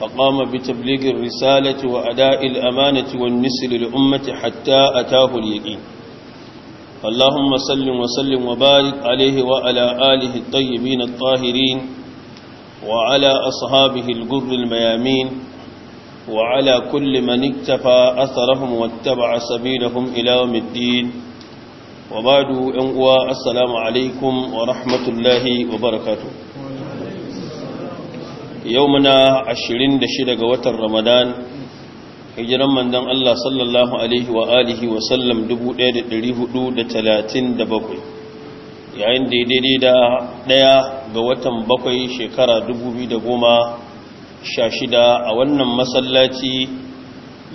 فقام بتبليغ الرسالة وأداء الأمانة والنسل للأمة حتى أتاه اليقين اللهم سلم وسلم وبارك عليه وعلى آله الطيبين الطاهرين وعلى أصحابه القر الميامين وعلى كل من اكتفى أثرهم واتبع سبيلهم إلى يوم الدين وبعد أنقوى السلام عليكم ورحمة الله وبركاته yau muna shida ga watan ramadan hijiran mandan Allah sallallahu alaihi wa alihi wa sallam 1437 yayin da daidai da daya ga watan bakwai shekara 2016 a wannan masallaci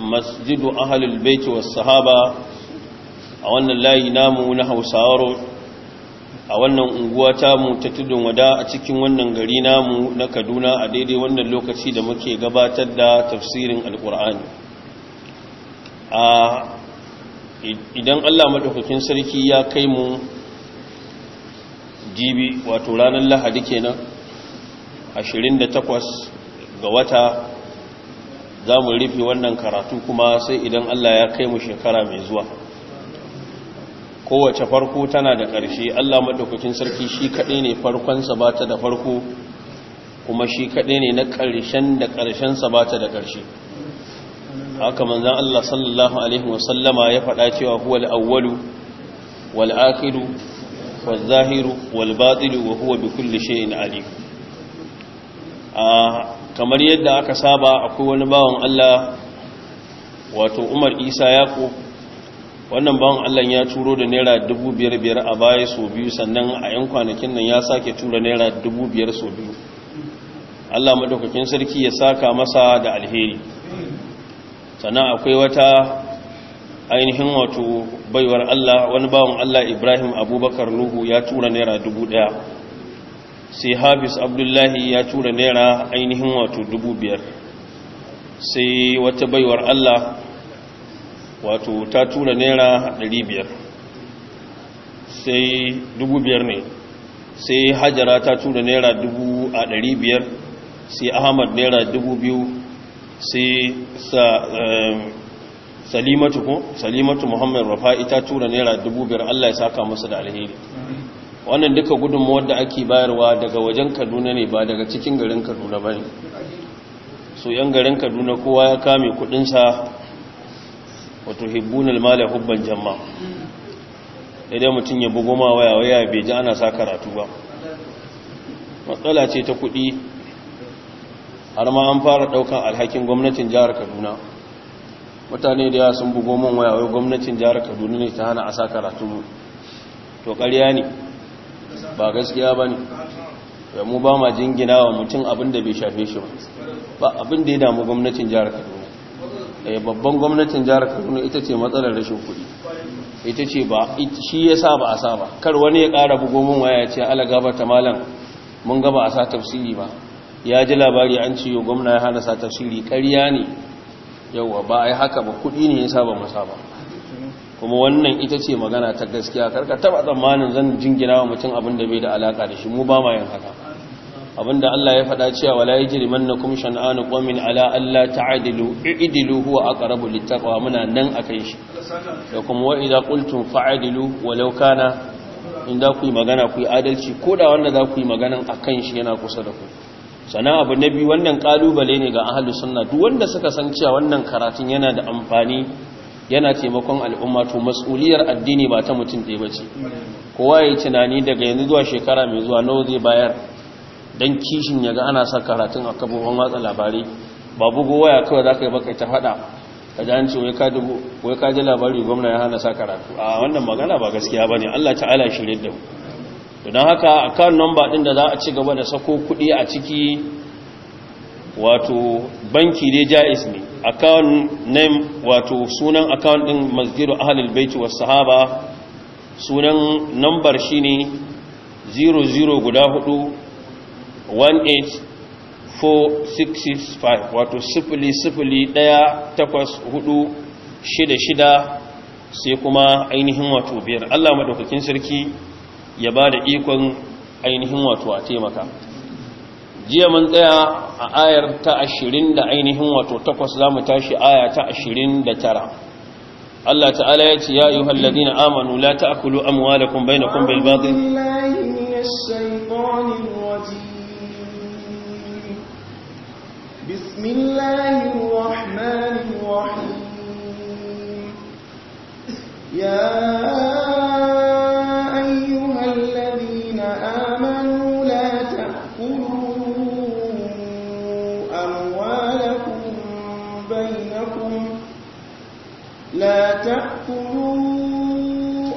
masjidu ahlul bait was sahaba a wannan layi namu na Hausawar a wannan unguwa mu ta tudun wada a cikin wannan gari namu na kaduna a daidai wannan lokaci da muke gabatar da tafsirin alkur'ani a idan allah maɗaukakin sarki ya kai mu jibi wato ranar lahadi kenan 28 ga wata za mu rufe wannan karatu kuma sai idan allah ya kai mu shekara mai zuwa kowace farko tana da ƙarshe Allah maɗaukakin sarki shi kaɗai ne farkonsa ba ta da farko kuma shi kaɗai ne na ƙarshen da ƙarshensa ba ta da ƙarshe haka manzan Allah sallallahu Alaihi wasallama ya faɗa cewa huwa al'awwalu wal'akiru wal'zahiru wal'baɗilu wa huwa bi kulli shayin ali kamar yadda aka saba akwai wani bawan Allah wato Umar Isa Yaƙo wannan bawan allah ya turo da naira dubu biyar biyar a baya sau biyu sannan a yan kwanakin nan ya sake tura naira dubu biyar sau biyu allah maɗaukakin sarki ya saka masa da alheri sannan akwai wata ainihin wato baiwar Allah wani bawan Allah Ibrahim Abubakar Nuhu ya tura naira dubu ɗaya sai Habis Abdullahi ya tura naira ainihin wato dubu biyar sai wata baiwar Allah wato ta tura naira 500 sai 500 ne sai hajara ta tura naira 500 sai ahmad naira 2000 sai eh, salimatu ko salimatu muhammad rafa'i ta tura naira 500 Allah ya saka masa da alheri wannan duka gudunmawar da ake bayarwa daga wajen kaduna ne ba daga cikin garin kaduna ba ne so yan garin kaduna kowa ya kame kudinsa wato hibbun almala hubban jamma idan mutum ya bugo ma waya waya bai ji ana sa karatu ba matsala ce ta kuɗi har ma an fara daukan alhakin gwamnatin jihar kaduna mutane da yawa sun bugo man waya wai gwamnatin jihar kaduna ne ta hana a sa karatu to ƙarya ne ba gaskiya ba ne mu ba ma jingina wa mutum abin da bai shafe shi ba abin da ya damu gwamnatin jihar kaduna Eh, babban gwamnatin jihar kaduna ita ce matsalar rashin kuɗi ita ce ba shi ya sa ba a sa ba kar wani ya ƙara bugo min waya ce ala gaba ta malam mun gaba a sa tafsiri ba ya ji labari an ciyo gwamna ya hana sa tafsiri ƙarya ne yauwa ba a yi haka ba kuɗi ne ya sa ba masa ba kuma wannan ita ce magana ta gaskiya karka taɓa tsammanin zan jingina wa mutum abin da bai da alaka da shi mu ba ma yin haka abinda Allah ya faɗa cewa wala yajrimannakum shan'anu qawmin ala alla ta'dilu i'dilu huwa aqrabu littaqwa muna nan akan shi da kuma wa idza qultum fa'dilu walau kana in za ku yi magana ku yi adalci ko da wanda za ku yi maganan akan shi yana kusa da ku sannan abu na biyu wannan kalubale ne ga ahalu sunna duk wanda suka san cewa wannan karatun yana da amfani yana taimakon al'umma to mas'uliyar addini ba ta mutum ɗaya bace kowa ya yi tunani daga yanzu zuwa shekara mai zuwa nawa zai bayar don kishin ya ga ana sa karatun a kabobin watsa labarai ba bugu waya kawai za ka yi baka ta fada ka ji wai ka labari gwamna ya hana sa karatu a wannan magana ba gaskiya ba ne allah ta'ala shirin da mu don haka kan nomba ɗin da za a ci gaba da sako kuɗi a ciki wato banki dai ja'is ne account name wato sunan account din masjid ahlul baiti sahaba sunan number shine 00 guda 4 18465 wato shida shida sai kuma ainihin wato biyar Allah madaukakin sarki ya ba da ikon ainihin wato a taimaka jiya mun tsaya a ayar ta ashirin da ainihin wato takwas za mu tashi aya ta ashirin da tara Allah ta'ala ya ce ya yi halladi na amanu la ta'akulu amwalakum bainakum bil batil بسم الله الرحمن الرحيم يا أيها الذين آمنوا لا تأكلوا أموالكم بينكم لا تأكلوا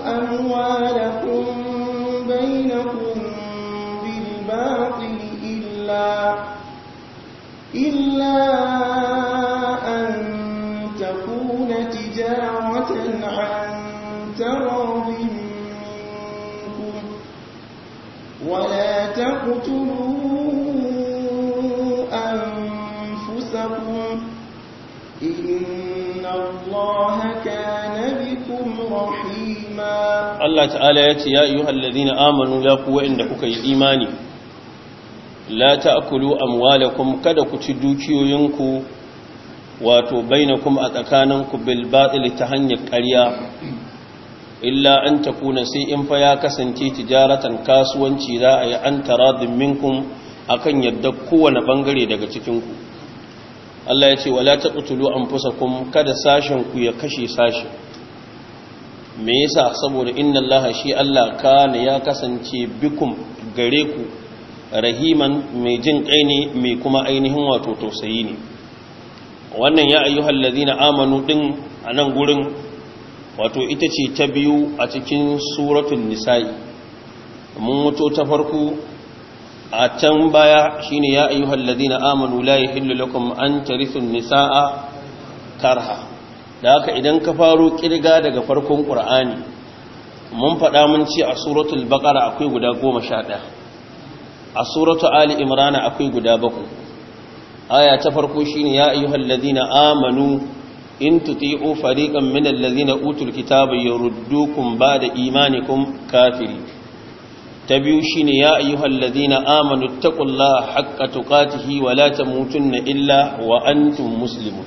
أموالكم بينكم بالباطل إلا إلا أن تكون تجارة عن تراض منكم ولا تقتلوا أنفسكم إن الله كان بكم رحيما الله تعالى يا أيها الذين آمنوا لا قوة إنكم إيماني la ta'kulu amwalakum kada ku ci dukiyoyinku wato bainakum a tsakaninku bil batil ta hanyar ƙarya illa an takuna sai in fa ya kasance tijaratan kasuwanci za a yi an taradin minkum akan yadda kowane bangare daga cikinku Allah ya ce wala taqtulu anfusakum kada sashen ku ya kashe sashen me yasa saboda inna Allah shi Allah kana ya kasance bikum gare ku rahiman mai jin kai ne mai kuma ainihin wato tausayi ne wannan ya ayyuhal ladina amanu din a nan gurin wato ita ce ta biyu a cikin suratun nisa'i mun wato ta farko a can baya shine ya ayyuhal ladina amanu la yahillu lakum an tarithu nisaa karha da haka idan ka faro kirga daga farkon qur'ani mun faɗa mun ce a suratun baqara akwai guda goma sha ɗaya a suratu ali imrana akwai guda baku. aya ta farko shine ya ayyuhal ladina amanu in tuti'u fariqan min alladhina utul kitaba yuruddukum ba'da imanikum kafiri ta biyu shine ya ayyuhal ladina amanu taqullaha haqqa tuqatihi wa la tamutunna illa wa antum muslimun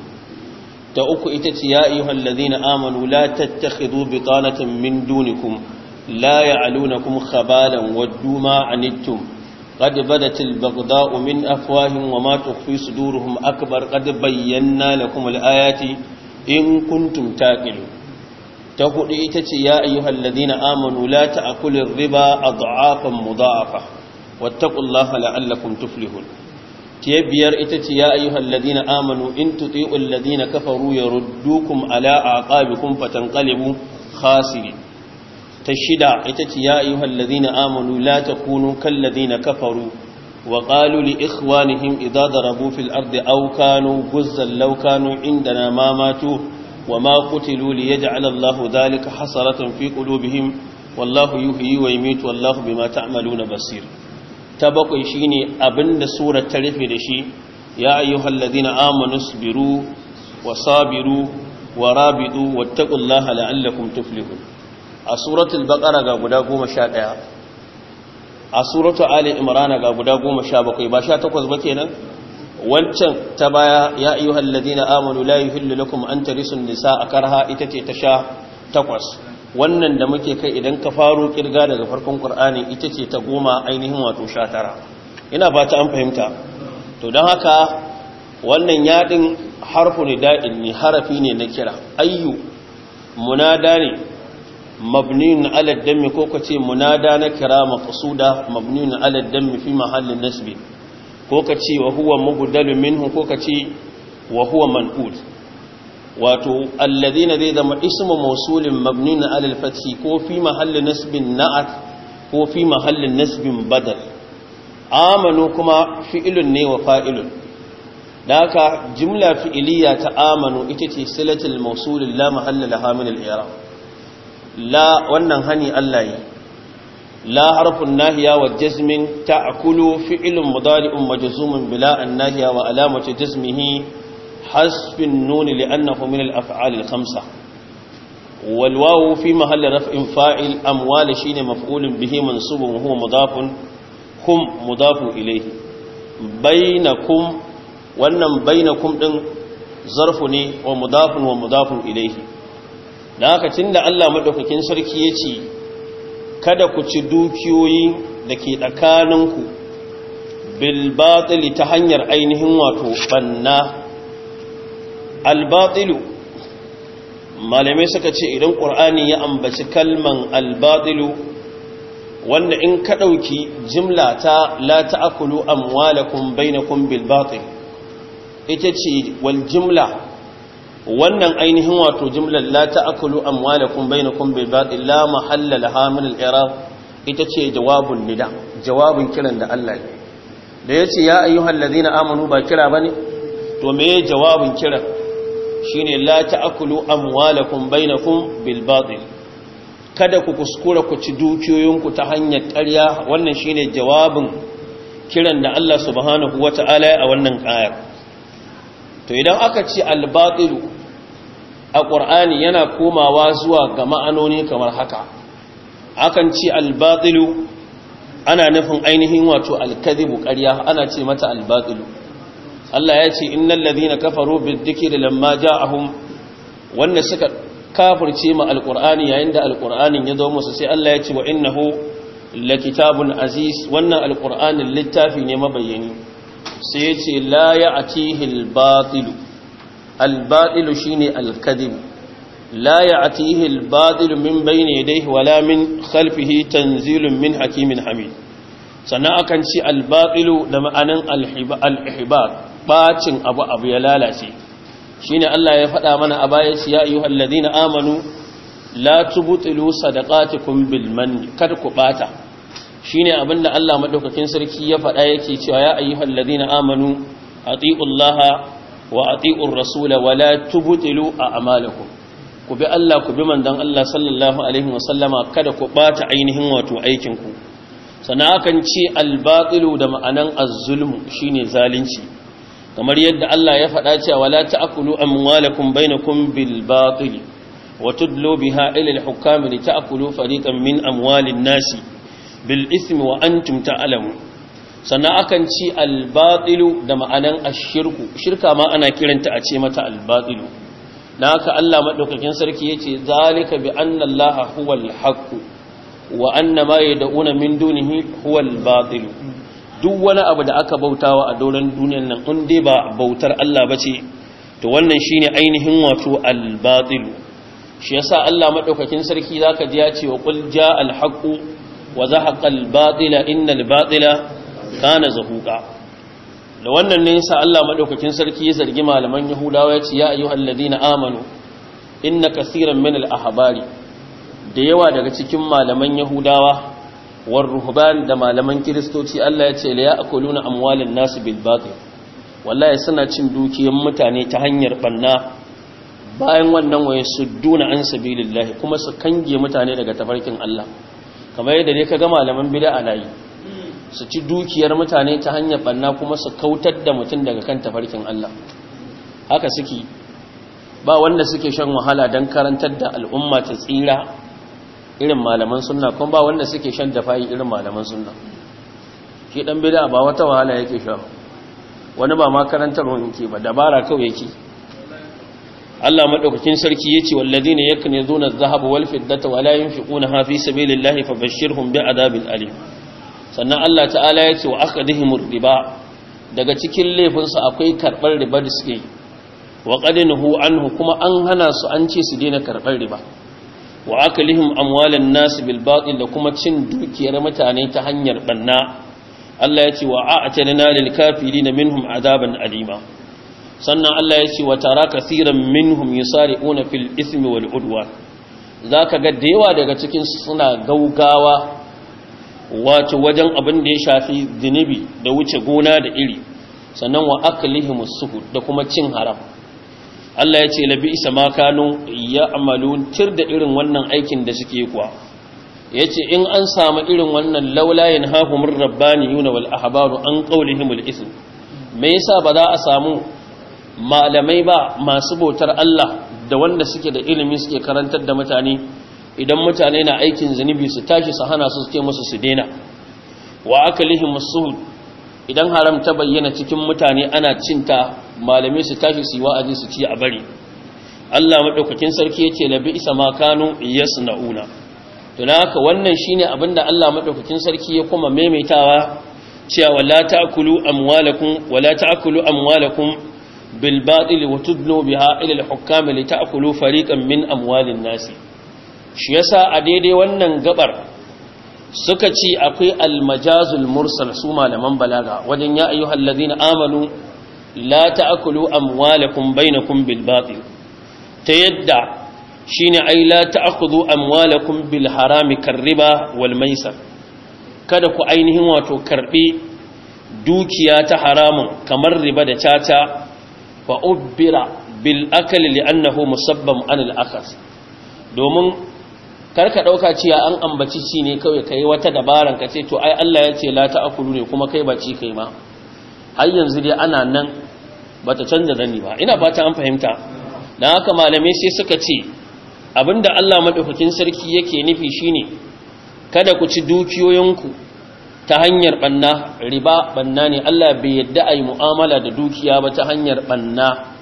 ta uku ita ce ya ayyuhal ladina amanu la tattakhidhu bitanatan min dunikum la ya'lunakum khabalan waddu ma anittum قد بدت البغضاء من أفواههم وما تخفي صدورهم أكبر قد بينا لكم الآيات إن كنتم تاكلون تقول إيتتي يا أيها الذين آمنوا لا تأكلوا الربا أضعافا مضاعفة واتقوا الله لعلكم تفلحون تيبير إيتتي يا أيها الذين آمنوا إن تطيعوا الذين كفروا يردوكم على أعقابكم فتنقلبوا خاسرين ta shida ita ce ya ayyuhal ladina amanu la kallazina ladina kafaru wa ƙaluli li ikhwanihim idza darabu fil ardi aw kanu guzzan law kanu ma matu wa ma qutilu li yaj'al Allahu dhalika hasaratan fi qulubihim wallahu yuhyi wa yumiitu wallahu bima ta'maluna basir ta bakwai shine abinda surar ta rufe da shi ya ayyuhal ladina amanu sabiru wa sabiru wa rabitu wattaqullaha la'allakum tuflihun a suratul baqara ga guda 11 a suratul ali imran ga guda 17 ba 18 ba kenan wancan ta baya ya ayyuhal ladina amanu la yuhillu lakum an tarisun nisaa akarha, ita ce ta sha takwas wannan da muke kai idan ka faro kirga daga farkon qur'ani ita ce ta goma ainihin wato 19 ina ba ta an fahimta to don haka wannan yadin harfu ni da'in ne harafi ne na kira ayyu munada ne mabnin aladdami ko ka ce munada na kira maqsuda mabnin aladdami fi mahallin nasbi ko ka ce wa huwa mubdalu minhu ko ka ce wa huwa wato alladhina zai zama ismu mawsulin mabnin alal fathi ko fi mahallin nasbin na'at ko fi mahallin nasbin badal amanu kuma fi'ilun ne wa fa'ilun daka jumla fi'iliya ta amanu ita ce silatul mawsulin la mahalla laha min al-i'rab la wannan hani Allah yi la harfun nahiya wa jazmin ta'kulu fi'lun mudari'un majzumun bila an nahiya wa alamatu jazmihi hasfin nun li'annahu min al-af'al al-khamsa wal wawu fi mahalli raf'in fa'il amwal shine maf'ulun bihi mansubun huwa mudafun kum mudafu ilayhi bainakum wannan bainakum din zarfu ne wa mudafun wa mudafun ilayhi da haka cin da Allah maɗaukakin sarki ya ce kada ku ci dukiyoyi da ke tsakaninku bilbatsili ta hanyar ainihin wato banna albatsilu malamai suka ce idan ƙur'ani ya ambaci kalman albatsilu wanda in ka ɗauki jimla ta la akulu amwalakun bainakun bilbatil ita ce wal jimla wannan ainihin wato jimlar la ta'kulu amwalakum bainakum bil batil la mahalla laha min al-i'rab ita ce jawabun nida jawabin kiran da Allah ne. da yace ya ayyuhal ladina amanu ba kira bane to me jawabin kiran shine la ta'kulu amwalakum bainakum bil batil kada ku kuskura ku ci dukiyoyinku ta hanyar ƙarya wannan shine jawabin kiran da Allah subhanahu wata'ala a wannan ayar to idan aka ci al-batilu a ƙur'ani yana komawa zuwa ga ma'anoni kamar haka akan ce albatilu ana nufin ainihin wato alkazibu ƙarya ana ce mata albatilu Allah ya ce innal ladhina kafaru bidhikri lamma ja'ahum wanda suka kafirce ma alqur'ani yayin da alqur'anin ya zama masu sai Allah ya ce wa innahu lakitabun aziz wannan alqur'anin littafi ne mabayyani sai ya ce la cihin albatilu albatilu shine alkadib la ya'tihi albatilu min bayni yadayhi wala min khalfihi tanzilun min hakimin hamid sannan ci albaɗilu da ma'anan alhibat ɓacin abu abu ya lalace ne Allah ya faɗa mana a baya ya ayyuhal ladina amanu la tubtilu sadaqatikum kar ku bata shine abinda Allah madaukakin sarki ya faɗa yake cewa ya ayyuhal ladina amanu atiullaha wa ati'ur rasula wala la tubtilu a'malakum ku bi Allah ku bi mandan Allah sallallahu alaihi wasallama kada ku bata ainihin wato aikin ku sannan akan ce al-batilu da ma'anan az-zulmu shine zalunci kamar yadda Allah ya faɗa cewa la ta'kulu amwalakum bainakum bil batil wa tudlu biha ila al-hukami li ta'kulu fariqan min amwalin nasi bil ismi wa antum ta'lamun sannan akan ci albatilu da ma'anan ashirku shirka ma ana kiranta a ce mata albatilu na haka Allah maɗaukakin sarki yace zalika bi annallaha huwal haqq wa anna ma yad'una min dunihi huwal batil duk wani abu da aka bautawa a doron duniyar nan in dai ba bautar Allah bace to wannan shine ainihin wato al-batil shi yasa Allah madaukakin sarki zaka ji ya ce wa qul jaa al-haqq wa zahaqa al-batila innal batila kana zahuka da wannan ne yasa Allah madaukakin sarki ya zargi malaman yahudawa ya ce ya ayyuhal ladina amanu inna kaseeran min al ahbari da yawa daga cikin malaman yahudawa war ruhban da malaman kristoci Allah ya ce la ya'kuluna amwalin nas bil batil wallahi suna cin dukiyar mutane ta hanyar banna bayan wannan waye sudduna an sabilillahi kuma su kange mutane daga tafarkin Allah kamar yadda ne ga malaman bid'a nayi su ci dukiyar mutane ta hanyar banna kuma su kautar da mutum daga kan tafarkin Allah haka suke ba wanda suke shan wahala don karantar da al'umma ta tsira irin malaman suna kuma ba wanda suke shan dafayi irin malaman suna. ke dan bid'a ba wata wahala yake sha wani ba ma wani ke ba dabara kawai yake Allah madaukakin sarki yace wallazina yaknizuna zuna dhahaba wal fiddata wala yunfiquna fi sabilillahi fabashshirhum bi'adabil alim sannan Allah ta'ala ya ce wa aqdihimur riba daga cikin laifinsu akwai karɓar riba da suke wa qadinhu anhu kuma an hana su an ce su daina karɓar riba wa aka amwalan amwalin nasu da kuma cin dukiyar mutane ta hanyar ɓanna. Allah ya ce wa na nalil lil kafirin minhum azaban alima sannan Allah ya ce wa tara kasiran minhum yusari'una fil ismi wal Za zaka ga da yawa daga cikin suna gaugawa wato wajen abin da ya shafi zinubi da wuce gona da iri sannan wa aklihim suhud da kuma cin haram Allah ya ce labi isa ma kanu ya amalu tir da irin wannan aikin da suke kuwa ya ce in an samu irin wannan laulayin hakumin rabbani yuna wal ahabaru an qaulihim al me yasa ba za a samu malamai ba masu bautar Allah da wanda suke da ilimi suke karantar da mutane idan mutane na aikin zunubi su tashi su hana su suke musu su dena wa aka akalihim musuhud idan haram ta bayyana cikin mutane ana cinta malamai su tashi su yi wa'azi su ci a bari Allah madaukakin sarki yace labi isa ma yasnauna na'una. Tuna haka wannan shine abinda Allah madaukakin sarki ya kuma maimaitawa cewa wala ta'kulu amwalakum wala ta'kulu amwalakum bil batil wa tudnu biha ila al hukam li ta'kulu fariqan min amwalin nasi shi yasa a daidai wannan gabar suka ce akwai almajazul mursal su malaman balaga wajen ya ayyuhal amanu la ta'kulu amwalakum bainakum bil batil ta yadda shine ai la ta'khudhu amwalakum bil harami karriba wal maisar kada ku ainihin wato karbi dukiya ta haramun kamar riba da caca fa ubbira bil akli li'annahu musabban an al akhas domin karka dauka cewa an ambaci ci ne kawai kai wata dabaran ka ce to ai Allah ya ce la ta'kulu ne kuma kai ba ci kai ma har yanzu dai ana nan bata canza zanni ba ina fata an fahimta dan haka malamai sai suka ce abinda Allah madaukakin sarki yake nufi shine kada ku ci dukiyoyinku ta hanyar banna riba banna ne Allah bai yadda ai mu'amala da dukiya ba ta hanyar banna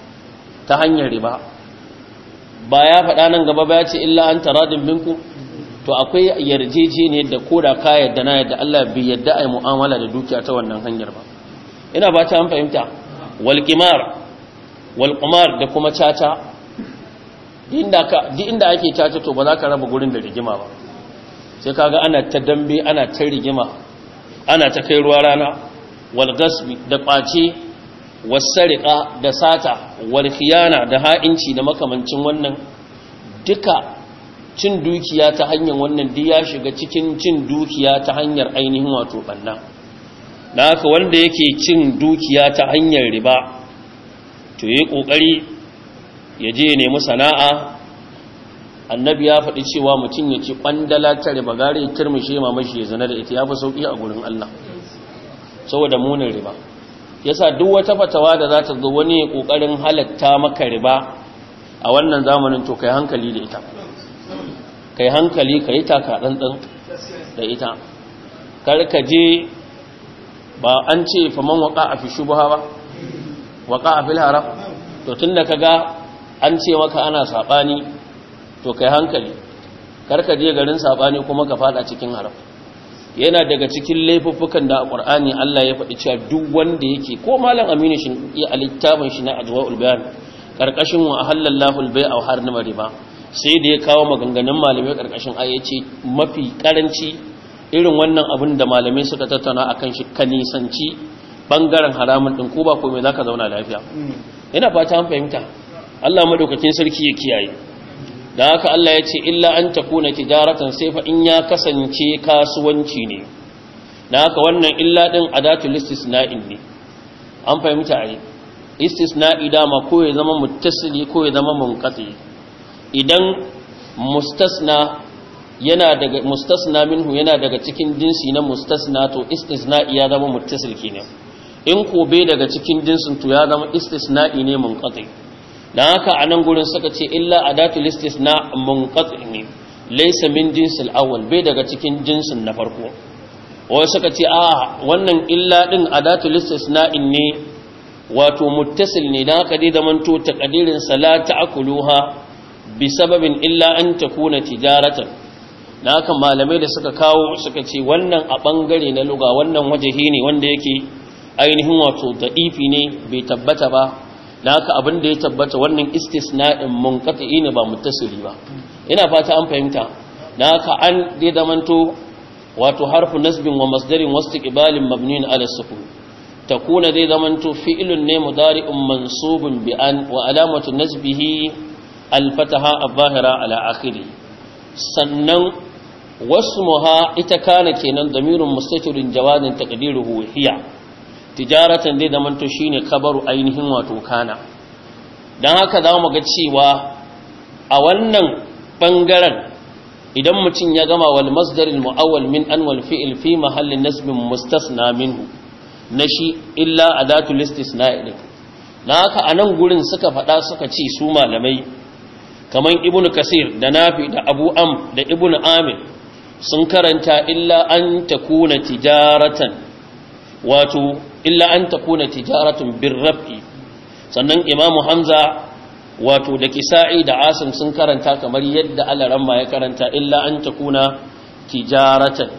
ta hanyar riba ba ya faɗa nan gaba ba ya ce illa an taradin binku to akwai yarjejeniyar da koda ka yadda na yadda Allah bai yadda a yi mu'amala da dukiya ta wannan hanyar ba ina ba ta an fahimta walƙimar walƙumar da kuma caca di inda ake caca to ba za ka raba gurin da rigima ba sai kaga ana ta dambe ana ta rigima ana ta kai ruwa rana walgasbi da ƙwace wasariƙa da sata na da ha'inci da makamancin wannan duka cin dukiya ta hanyar wannan duk ya shiga cikin cin dukiya ta hanyar ainihin wato banna da haka wanda yake cin dukiya ta hanyar riba to yi kokari ya je nemi sana'a annabi ya faɗi cewa mutum ya ci kwandala ta riba gare ya kirmishe mamashi ya zana da ita ya fi sauƙi a gurin Allah saboda munin riba yasa duk wata fatawa da za ta zo wani kokarin halatta maka riba a wannan zamanin to kai hankali da ita kai hankali ka yi taka ɗanɗan da ita kar ka je ba an ce faman waka a fi shubha ba waka a fil haram to tun da ka ga an ce maka ana saɓani, to kai hankali kar ka je garin saɓani kuma ka fada cikin haram yana daga cikin laifuffukan da a alqur'ani Allah ya faɗi cewa duk wanda yake ko malam aminu shi ya alittafin shi na ajwaul bayan ƙarƙashin wa ahallallahu a wa nima riba sai da ya kawo maganganun malamai ƙarƙashin karkashin ce mafi ƙaranci irin wannan abin da malamai suka tattauna a kan shi ka nisanci ɓangaren haramun ɗin ko ba za ka zauna lafiya Yana hmm. fata an fahimta Allah madaukakin sarki ya kiyaye da haka Allah ya ce illa an kuna tijaratan sai fa in ya kasance kasuwanci ne da haka wannan illa din adatul istisna'i ne an fahimta ai istisna'i dama ko ya zama muttasili ko ya zama munqati idan mustasna yana daga mustasna minhu yana daga cikin jinsi na mustasna to istisna'i ya zama muttasil kenan in ko bai daga cikin jinsin to ya zama istisna'i ne munqati da haka a nan gurin suka ce illa adatul na munqati ne laysa min jinsil awwal bai daga cikin jinsin na farko wai suka ce a wannan illa din na in ne wato muttasil ne da haka dai zamanto kadirin salata akuluha bi sababin illa an takuna tijaratan da haka malamai da suka kawo suka ce wannan a bangare na luga wannan wajahi ne wanda yake ainihin wato da'ifi ne bai tabbata ba da haka abin da ya tabbata wannan istisna'in munqati ne ba tasiri ba ina fata an fahimta da haka an dai zamanto wato harfu nasbin wa masdarin wastiqbalin mabniin ala sukun takuna dai zamanto fi'ilun ne mudari'un mansubun bi an wa alamatu nasbihi alfataha a bahira dhahira ala akhirih sannan wasmuha ita kana kenan damirun mustatirun jawadin taqdiruhu hiya tijaratan zai shi shine kabaru ainihin wato kana don haka za mu ga cewa a wannan ɓangaren idan mutum ya gama wal masdaril mu'awwal min an wal fi'il fi mahallin nasbin mustasna minhu na shi illa adatul istisna'i din na haka anan gurin suka faɗa suka ci su malamai Kamar ibnu kasir da nafi da abu am da ibnu amir sun karanta illa an takuna tijaratan wato illa an takuna tijaratun birrafi sannan imamu hamza wato da kisa'i da asim sun karanta kamar yadda alaran ya karanta illa an takuna tijaratan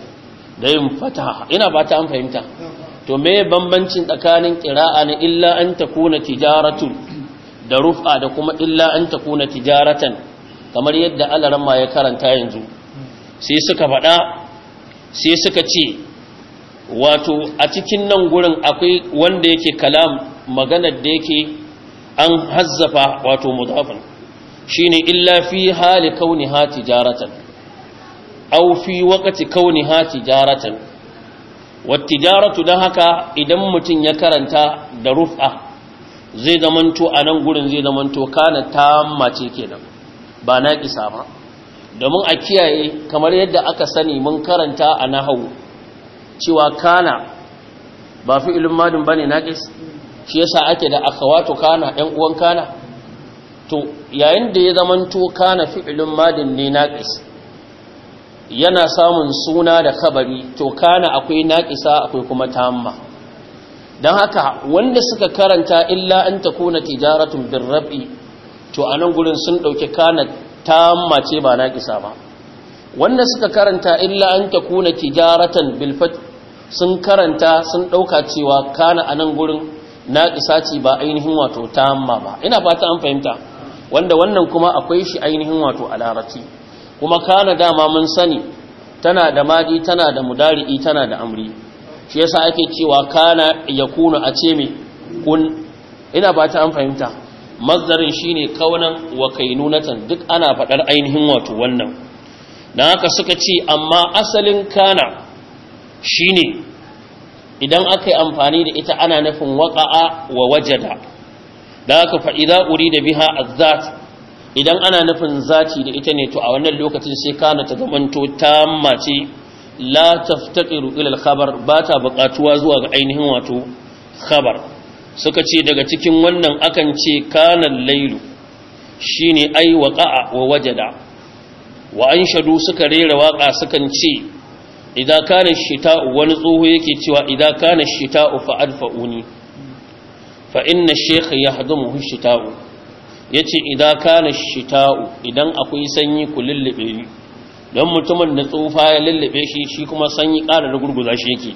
da yin fataha ina ba ta an fahimta to me bambancin tsakanin qira'a na illa an takuna tijaratun da rufa da kuma illa an takuna tijaratan kamar yadda alaran ya karanta yanzu sai suka faɗa sai suka ce wato a cikin nan gurin akwai wanda yake kalam maganar da yake an hazzafa wato mudafin shine illa fi hali kauni ha tijaratan aw fi waqti kauni ha tijaratan wat tijaratu dan haka idan mutum ya karanta da rufa zai zamanto a nan gurin zai zamanto kana tamma ce kenan ba na kisa ba domin a kiyaye kamar yadda aka sani mun karanta a nahawu cewa kana ba fi ilin madin ba ne naƙis shi yasa ake da akawato kana ‘yan uwan kana to yayin da ya zamanto kana fi ilin madin ne naƙis yana samun suna da kabari to kana akwai naƙisa akwai kuma tamma don haka wanda suka karanta illa an ta kuna tijaratun bin rabi to a nan gudun sun ɗauki kana tamma ce ba naƙisa ba wanda suka karanta illa an ta kuna bin bilfat sun karanta sun ɗauka cewa kana a nan gurin na isaci ba ainihin wato ta amma ba ina fata an fahimta wanda wannan kuma akwai shi ainihin wato a larabci kuma kana dama mun sani tana da madi tana da mudari'i tana da amri shi yasa ake cewa kana ya kuna a ce me kun ina fata an fahimta mazdarin shine kaunan wa kainunatan duk ana faɗar ainihin wato wannan dan haka suka ce amma asalin kana shine idan aka yi amfani da ita ana nufin waƙa'a wa wajada da aka fa'iza uri da biha a zati idan ana nufin zati da ita ne to a wannan lokacin sai kana ta zamanto ta mace la taftaqiru ila al-khabar ba ta buƙatuwa zuwa ga ainihin wato khabar suka ce daga cikin wannan akan ce kana lailu shine ai waƙa'a wa wajada wa shaɗu suka rera waƙa sukan ce idan kana shita'u wani tsoho yake cewa idan kana shita'u fa alfauni fa inna shaykh yahdumu shita yace idan kana shita'u idan akwai sanyi ku lullube ni dan mutumin da tsufa ya lullube shi shi kuma sanyi ƙara da gurguza shi yake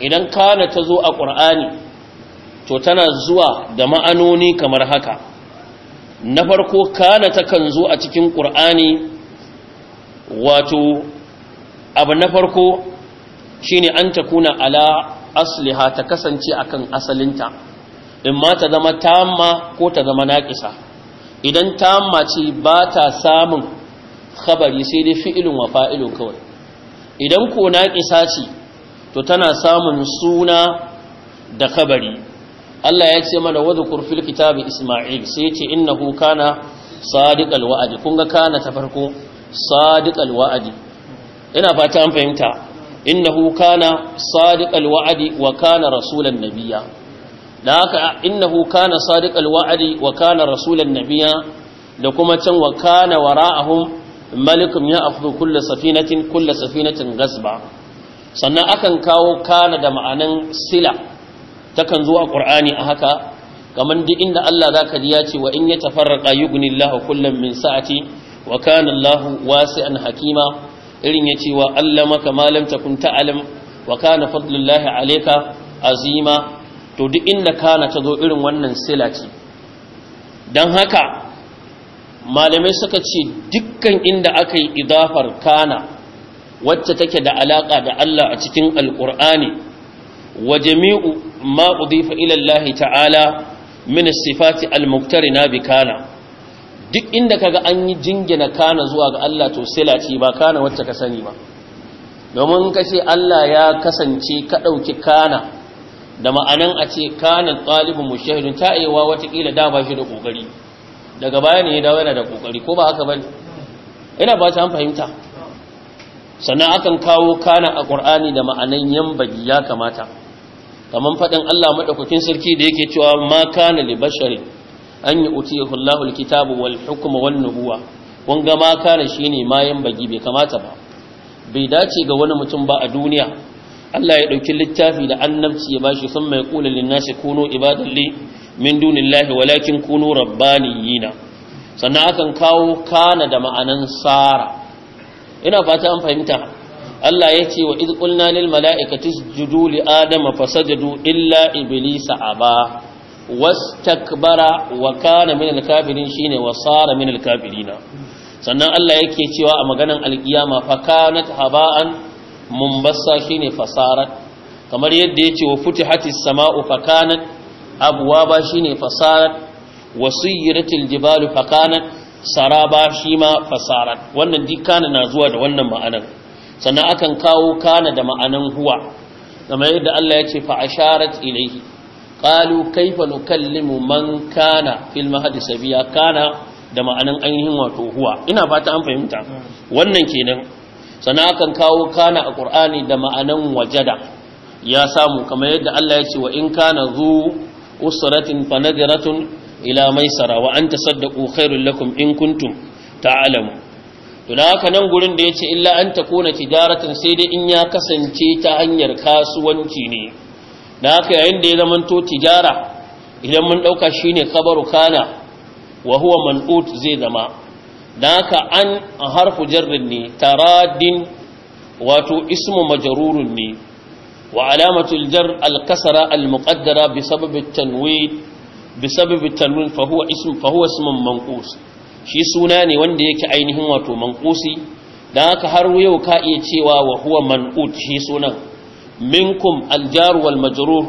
idan kana ta zo a qur'ani to tana zuwa da ma'anoni kamar haka na farko kana ta kan zo a cikin qur'ani wato abu na farko shine an ta kuna ala asliha ta kasance akan asalinta in ma ta zama tamma ko ta zama naƙisa idan tamma ce ba ta samun khabari sai dai fi'ilun wa fa'ilun kawai idan ko naƙisa ce to tana samun suna da khabari Allah ya ce mana wadda kurfil kitabin Isma'il sai ce ce innahu kana sadiqal wa'adi kun ga kana ta farko sadiqal wa'adi ina fata an fahimta innahu kana sadiqal wa'di wa kana rasulan nabiyya da haka innahu kana sadiqal wa'di wa kana rasulan nabiyya da kuma can wa kana wara'ahum malikum ya'khudhu kull safinatin kull safinatin gasba sannan akan kawo kana da ma'anan sila takan zo a qur'ani a haka kaman duk inda Allah zaka ji ya ce wa in yatafarraqa yughnillahu kullam min sa'ati wa kana Allahu wasi'an hakima irin ya ce wa allamaka malam takun ta'alam wa kana fadlullahi aleka azima to duk inda kana ta zo irin wannan silaci. don haka malamai suka ce dukkan inda aka yi idafar kana wacce take da alaƙa da Allah a cikin Alƙur'ani, wa jami'u ma udifa ila ta'ala min as-sifati al-muqtarina bi kana duk inda kaga an yi jingina kana zuwa ga Allah to sila ce ba kana wacce ka sani ba domin ka ce Allah ya kasance ka ɗauki kana da ma'anan a ce kana ɗalibin mushahidin ta aiwa watakila da ba shi da ƙoƙari daga baya ne ya dawo yana da ƙoƙari ko ba haka ba ina ba ta fahimta sannan akan kawo kana a qur'ani da ma'anan yambagi ya kamata kamar faɗin Allah madaukakin sarki da yake cewa ma kana li an yi utiyahu Allahu alkitabu wal hukuma wan nubuwa kun ga ma kana shine mayan bagi bai kamata ba bai dace ga wani mutum ba a duniya Allah ya dauki littafi da annabci ya bashi sun mai kula lin nasi kunu ibadalli min dunillahi walakin kunu rabbaniyina sannan akan kawo kana da ma'anan sara ina fata an fahimta Allah ya ce wa iz qulna lil mala'ikati isjudu li adama fasajadu illa iblisa aba wastakbara wa kana min alkafirin shine wa sara min alkafirina sannan Allah yake cewa a maganan alkiyama fa kanat haba'an mumbassa shine fasarat kamar yadda yake wa futihatis sama'u fa kanat abwaba shine fasarat wasiyratil jibalu fa kanat saraba shima fasarat wannan dikana na zuwa da wannan ma'anar sannan akan kawo kana da ma'anan huwa kamar yadda Allah ya ce fa asharat ilayhi قالوا كيف نكلم من kana في المهد سبيا kana da ma'anin ainihin wato huwa ina fata an fahimta wannan kenan sana kan kawo kana a qur'ani da ma'anan wajada ya samu kamar yadda Allah ya ce wa in kana zu usratin fanadiratun ila maisara wa an saddaqu khairul lakum in kuntum ta'lamu to da haka nan gurin da yace illa an takuna tijaratan sai dai in ya kasance ta hanyar kasuwanci ne da haka yayin da ya zamanto tijara idan mun ɗauka shine ne kabaru kana wa huwa man'ut zai zama da haka an harfu jarrin ne taradin wato ismu majrurun ne wa alamatul jar alkasara almuqaddara bi sababi tanwin bi sababi tanwin fa huwa ism fa huwa ismun manqus shi suna ne wanda yake ainihin wato manqusi naka haka har yau ka iya cewa wa huwa man'ut shi sunan minkum aljaru wal majrur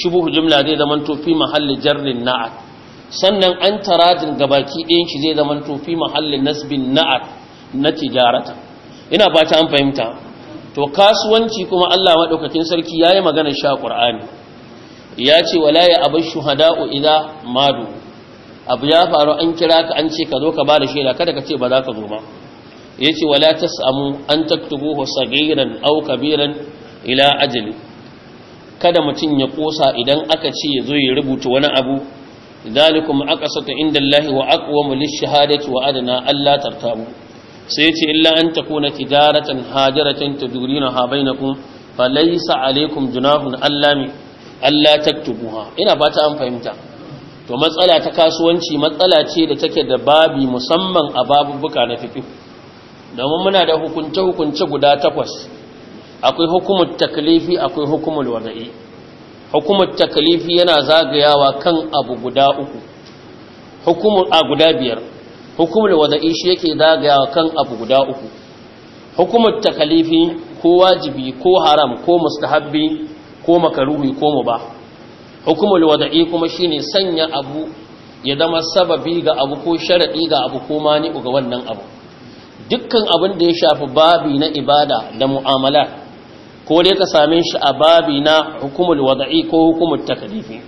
shubuhu jumla zai zaman to fi mahalli jarrin na'at sannan an taradin gabaki ɗayan shi zai zaman to fi mahalli nasbin na'at na tijarata ina fata an fahimta to kasuwanci kuma Allah madaukakin sarki yayi magana sha Qur'ani ya ce wala ya abashu hada'u idza madu abu ya faru an kira ka an ce ka zo ka bada shaida kada ka ce ba za ka zo ba yace wala tasamu an taktubuhu sagiran aw kabiran ila ajali kada mutum ya kosa idan aka ce ya ya rubuta wani abu zalikum aqsatu inda Allah wa aqwamu lishahadati wa adna alla tartabu sai yace illa an takuna tijaratan hajaratan ha bainakum falaysa alaykum junahun allami alla taktubuha ina ba ta an fahimta to matsala ta kasuwanci matsala ce da take da babi musamman a babu babubuka na fiqh domin muna da hukunce hukunce guda takwas akwai hukumar taklifi akwai hukumar wada'i hukumar taklifi yana zagayawa kan abu guda uku hukumar a guda biyar hukumar wada'i shi yake zagayawa kan abu guda uku hukumar taklifi ko wajibi ko haram ko mustahabbi ko makaruhi ko mubah hukumar wada'i kuma shine sanya abu ya zama sababi ga abu ko sharadi ga abu ko mani ga wannan abu dukkan abin da ya shafi babi na ibada da mu'amala ko dai ka same shi a babi na hukumul wada'i ko hukumul takalifi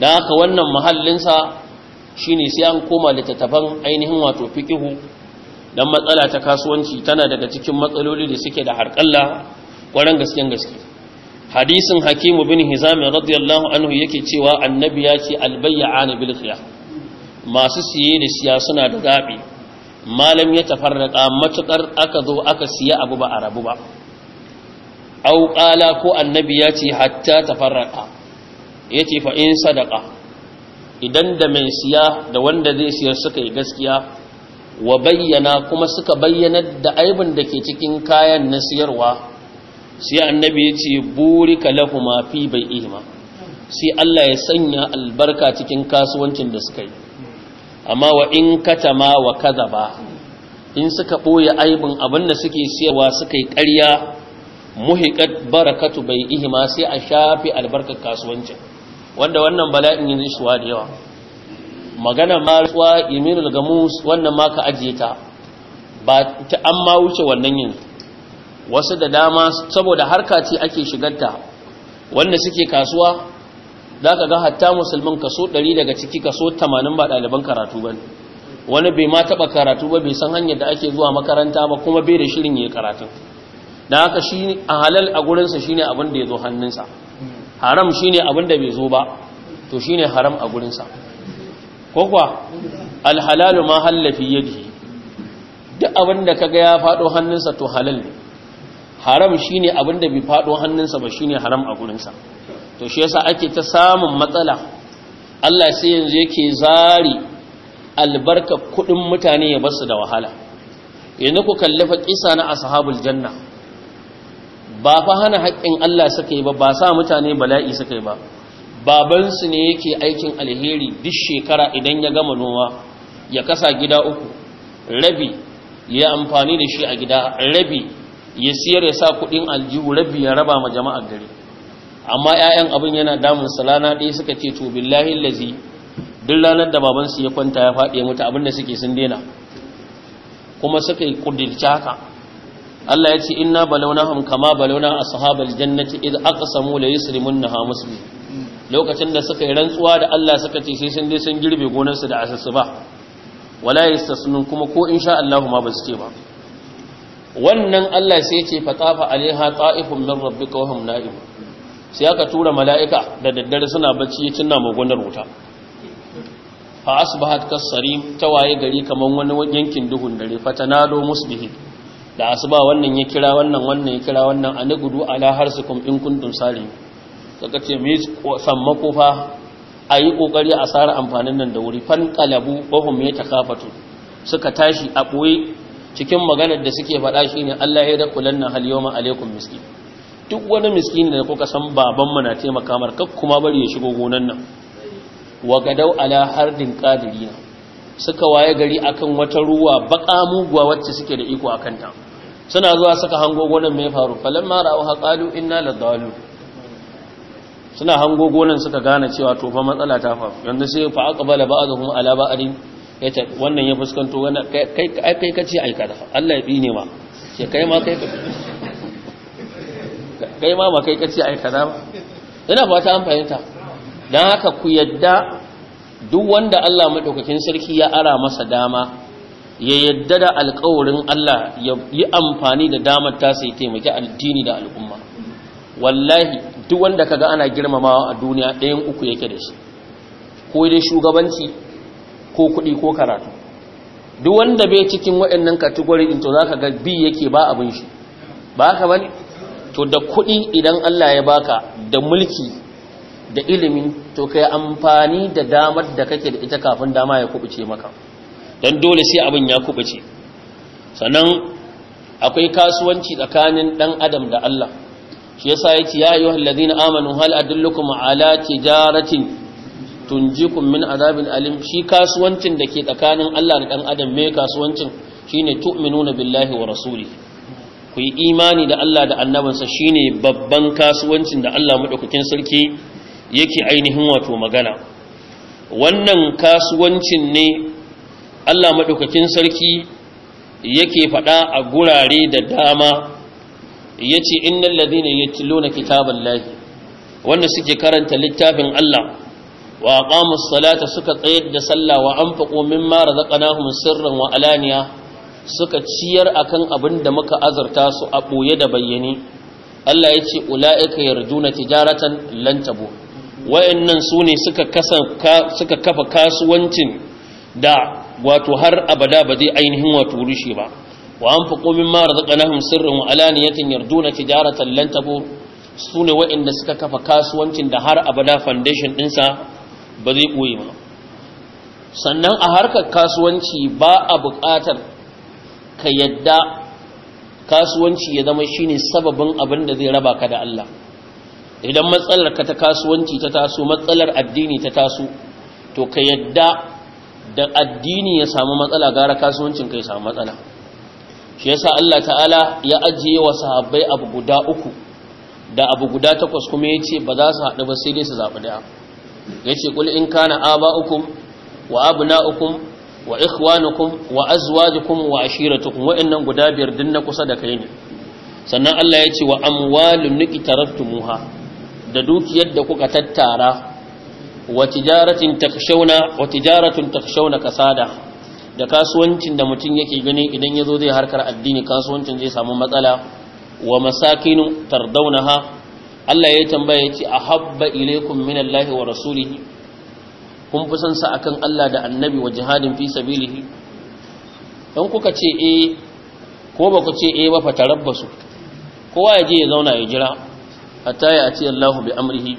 da haka wannan mahallinsa shi ne sai an koma littattafan ainihin wato fikihu don matsala ta kasuwanci tana daga cikin matsaloli da suke da harƙalla ƙwaren gasken gaske hadisin hakimu bin hizam radiyallahu anhu yake cewa annabi ya ce albayya'ani bil khiyar masu siye da siya suna da zaɓi malam ya tafarraka matuƙar aka zo aka siya abu ba a rabu ba aw qala ko annabi ya ce hatta tafarraqa yace fa in sadaqa idan da mai siya da wanda zai siyar suka yi gaskiya wa bayyana kuma suka bayyana da aibin da ke cikin kayan na siyarwa sai annabi yace ce burika lahuma fi bai'ihima sai Allah ya sanya albarka cikin kasuwancin da suka yi amma wa in katama wa kadaba in suka boye aibin abin da suke siyarwa suka yi ƙarya muhiqat barakatu bai ihima sai a shafi albarkar kasuwanci. wanda wannan bala'in yin suwa da yawa magana ma rantsuwa yaminul gamus wannan ma ka ajiye ta ba ta an ma wuce wannan yin wasu da dama saboda harka ce ake shigarta wanda suke kasuwa za ka ga hatta musulmin kaso 100 daga ciki kaso 80 ba ɗaliban karatu ba wani bai ma taɓa karatu ba bai san hanyar da ake zuwa makaranta ba kuma bai da shirin yi karatu. da haka shi a halal a gurinsa shi ne abin da ya zo hannunsa haram shi ne abin da bai zo ba to shi ne haram a gurinsa ko kuwa alhalalu ma hallafi yadihi duk abin da kaga ya faɗo hannunsa to halal ne haram shi ne abin da bai faɗo hannunsa ba Shi ne haram a gurinsa to shi yasa ake ta samun matsala Allah sai yanzu yake zari albarka kuɗin mutane ya basu da wahala yanzu ku kallafa kisa na ashabul janna ba fa hana haƙƙin Allah suka yi ba ba sa mutane bala'i suka yi ba babansu ne yake aikin alheri duk shekara idan ya gama noma ya kasa gida uku rabi ya amfani da shi a gida rabi ya siyar ya sa kuɗin aljihu rabi ya raba ma jama'ar gari amma 'ya'yan abin yana damun salana ɗaya suka ce to billahi lazi duk ranar da babansu ya kwanta ya faɗi ya mutu abin da suke sun daina kuma suka yi ƙudirce haka Allah ya ce inna balawnahum kama balawna ashabal jannati id aqsamu la yusrimunha muslim lokacin da suka yi rantsuwa da Allah suka ce sai sun je sun girbe gonar su da asasu ba wala yastasnun kuma ko insha Allah ma ba su ce ba wannan Allah sai ce fatafa alaiha ta'ifun min rabbika wa hum na'im sai aka tura mala'ika da daddare suna bacci tunna magonar wuta fa asbahat kasari tawaye gari kaman wani yankin duhun dare fatanalo musbihi da asuba wannan ya kira wannan wannan ya kira wannan a na gudu ala harsukum in kuntun sari kaga ce samma sammako fa yi kokari a sara amfanin nan da wuri fan qalabu mai takafatu suka tashi a ɓoye cikin maganar da suke faɗa shine Allah ya da kulan nan yawma alaikum miski duk wani ne da kuka san baban mu na taimaka kakuma kuma bari ya shigo gonan nan wa gadau ala hardin suka waye gari akan wata ruwa baƙa muguwa wacce suke da iko akan ta suna zuwa suka hango gonan mai faru mara a haƙalu inna ladallun suna hango gonan suka gane cewa tofa matsala ta faru yanzu sai fa bala ba ala ba'din yace wannan ya fuskanto wannan kai kai kai kace ai kada Allah ya ne ma ce kai ma kai kai ma kai kace ai ba. ina fata an fahimta dan haka ku yadda duk wanda Allah maɗaukakin sarki ya ara masa dama ya yadda da alkawarin Allah ya yi amfani da damar ta sai taimaki addini da al'umma wallahi duk wanda kaga ana girmamawa a duniya ɗayan uku yake da shi ko dai shugabanci ko kuɗi ko karatu duk wanda bai cikin waɗannan category din to zaka ga bi yake ba abin shi ba ka bane to da kuɗi idan Allah ya baka da mulki da ilimi to kai amfani da damar da kake da ita kafin dama ya kubuce maka don dole sai abin ya kubace sannan akwai kasuwanci tsakanin dan adam da Allah shi yasa yace ya ayyuhal ladina amanu hal adullukum ala tijaratin tunjikum min azabin alim shi kasuwancin da ke tsakanin Allah da dan adam me kasuwancin shine tu'minuna billahi wa rasuli ku yi imani da Allah da annabinsa shine babban kasuwancin da Allah madaukakin sarki yake ainihin wato magana wannan kasuwancin ne Allah maɗaukakin sarki yake faɗa a gurare da dama ya ce innan ladina ya tilo na kitaban lahi wanda suke karanta littafin Allah wa musalata salata suka tsayar da sallah wa anfaqu mimma razaqnahum sirran wa alaniya suka ciyar kan abin da muka azarta su a ɓoye da bayyane Allah ya ce ulaika yarjuna tijaratan lan tabu wayannan sune suka suka kafa kasuwancin da wato har abada ba zai ainihin wato rushe ba wa an fuko min ma razaqnahum sirran wa alaniyatan yarduna tijaratan lan tabu sune waɗanda suka kafa kasuwancin da har abada foundation ɗinsa ba zai koyi ba sannan a harkar kasuwanci ba a buƙatar ka yadda kasuwanci ya zama shine sababin abin da zai raba ka da Allah idan matsalar ka ta kasuwanci ta taso matsalar addini ta taso to ka yadda da addini ya samu matsala gara kasuwancin kai samu matsala shi yasa Allah ta'ala ya ajiye wa sahabbai abu guda uku da abu guda takwas kuma ya ce ba za su haɗu ba sai dai su zaɓi ɗaya ya ce kul in kana aba'ukum wa abna'ukum wa ikhwanukum wa azwajukum wa ashiratukum wa'annan guda biyar din na kusa da kai ne sannan Allah ya ce wa amwalun nuqi da dukiyar da kuka tattara wa tijaratin takshawna kasada da kasuwancin da mutum yake gani idan ya zo zai harkar addini kasuwancin zai samu matsala wa masakinu ha Allah ya tambaya a habba ilaykum minallahi wa rasulihi kun fi son sa akan Allah da annabi wa jihadin fi sabilihi Don kuka ce e, ko ba ku ce e ba fa tarabbasu kowa ya je ya zauna ya jira taya a ce Allahu bi amrihi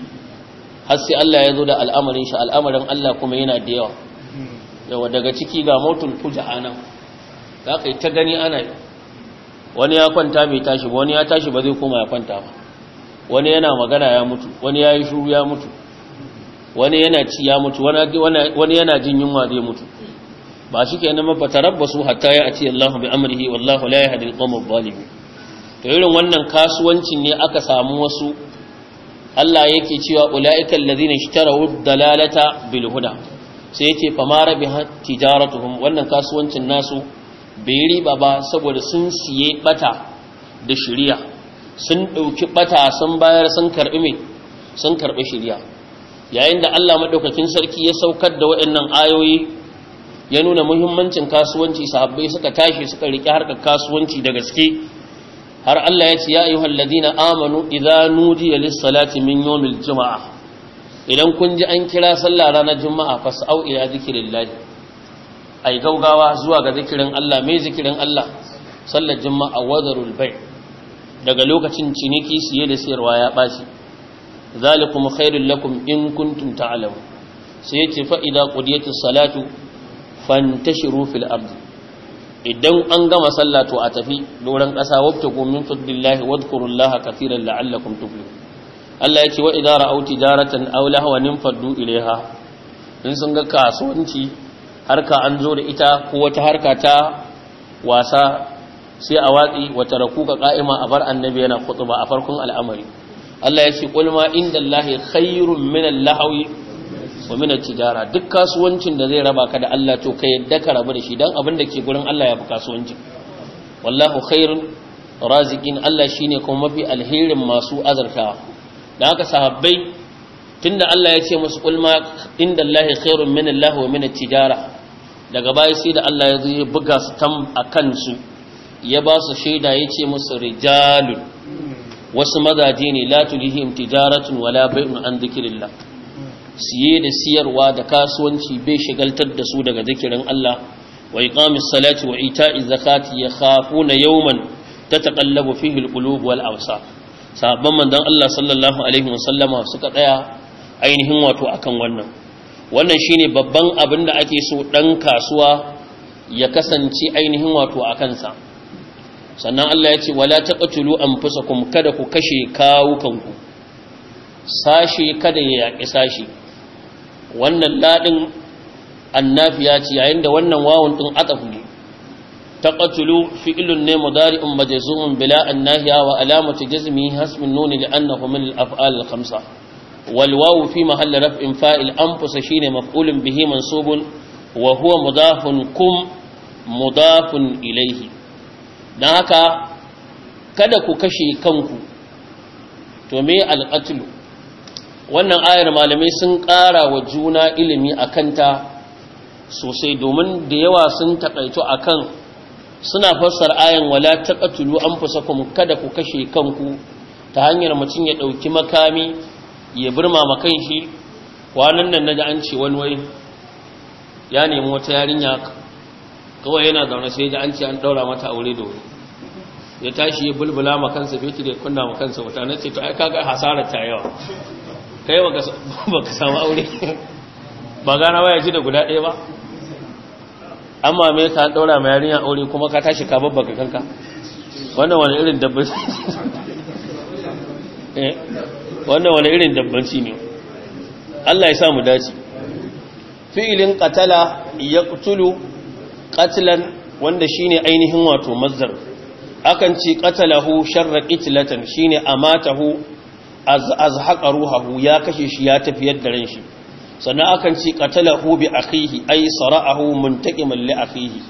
har sai Allah ya zo da al'amarin shi al'amarin Allah kuma yana da yawa yawa daga ciki ga motul fuja'a za ka yi ta gani ana yi wani ya kwanta mai tashi ba wani ya tashi ba zai koma ya kwanta ba wani yana magana ya mutu wani ya yi shuru ya mutu wani yana ci ya mutu wani yana jin yunwa zai mutu ba shi ke nama su hatta ya ce Allah bi amrihi wallahu la yahdi al-qawm adh-dhalimin to irin wannan kasuwancin ne aka samu wasu Allah yake cewa ula'ikan ladhina ishtaraw dalalata bil huda sai yake famara bi tijaratuhum wannan kasuwancin nasu bai riba ba saboda sun siye bata da shari'a sun dauki bata sun bayar sun karbi mai sun karbi shari'a yayin da Allah madaukakin sarki ya saukar da waɗannan ayoyi ya nuna muhimmancin kasuwanci sahabbai suka tashi suka riƙe harkar kasuwanci da gaske har Allah ya ce ya ayyuhal ladina amanu idza nudiya lis-salati min yawmil jumu'ah idan kun ji an kira sallah ranar juma'a fas'au ila zikrillah ai gaugawa zuwa ga zikirin Allah mai zikirin Allah sallar juma'a wadarul bay daga lokacin ciniki siye da siyarwa ya baci zalikum khairul lakum in kuntum alamu, sai yace fa idza qudiyatis salatu fantashiru fil ardi idan an gama sallah to a tafi doran ƙasa wabtagu min fadlillahi wadhkurullaha katiran la'allakum tuflihun Allah ya ce wa idza ra'aw tijaratan aw lahwan faddu ilaiha in sun ga kasuwanci harka an zo da ita ko wata harka ta wasa sai a watsi wa tarakuka qa'ima a bar annabi yana khutba a farkon al'amari Allah ya ce qul ma indallahi khairun min al-lahwi wa tijara duk kasuwancin da zai raba ka da Allah to ka yadda ka rabu da shi dan abin da ke gurin Allah ya fi kasuwancin wallahu khairun razikin Allah shine kuma mafi alherin masu azartawa da haka sahabbai tunda Allah ya ce musu kulma inda Allah khairun min Allah wa min tijara daga baya sai da Allah ya zo buga su tam akan su ya ba su shaida ya ce musu rijalun wasu mazaje ne la tulihim tijaratun wala bai'un an zikirillah siye da siyarwa da kasuwanci bai shigaltar da su daga zikirin Allah wa iqamis salati wa ita'iz zakati na yawman tataqallabu fihi alqulub wal absar sabban manzon Allah sallallahu alaihi sallama suka tsaya ainihin wato akan wannan wannan shine babban abin da ake so dan kasuwa ya kasance ainihin wato akan sa sannan Allah ya ce wala taqtulu anfusakum kada ku kashe kawukanku sashi kada ya yaƙi sashi wannan ladin annafiya ce yayin da wannan wawun ɗin atafu ne taqtulu fi'lun ne mudari'un majzumun bila annahiya wa alamatu jazmihi hasbun nuni li'annahu min al-af'al al-khamsa wal wawu fi mahall raf'in fa'il anfusa shine maf'ulun bihi mansubun wa huwa mudafun kum mudafun ilaihi. dan haka kada ku kashe kanku to me al-qatlu wannan ayar malamai sun ƙara wa juna ilimi a kanta sosai domin da yawa sun taƙaito a kan suna fassar ayan wala taƙatulu an kuma kada ku kashe kanku ta hanyar mutum ya ɗauki makami ya birma makan shi kwanan nan na da an ce wani wai ya nemi wata yarinya kawai yana zaune sai da an ce an ɗaura mata aure da wuri ya tashi ya bulbula makansa bai da kunna makansa wata na ce to ai kaga hasara ta yawa kai baka samu aure ba gana waya ji da guda ɗaya ba amma mai ka ɗaura ma yarinya aure kuma ka tashi ka babba ka kanka wannan wani irin dabbanci eh wannan wani irin dabbanci ne Allah ya sa mu dace fi'ilin qatala yaqtulu qatlan wanda shine ainihin wato mazdar akan ci qatalahu sharra qitlatan shine amatahu Az haƙa ruhahu ya kashe shi ya tafiyar da ran shi sannan akan ce hu bi akhihi ay sara'ahu muntaqiman li akhihi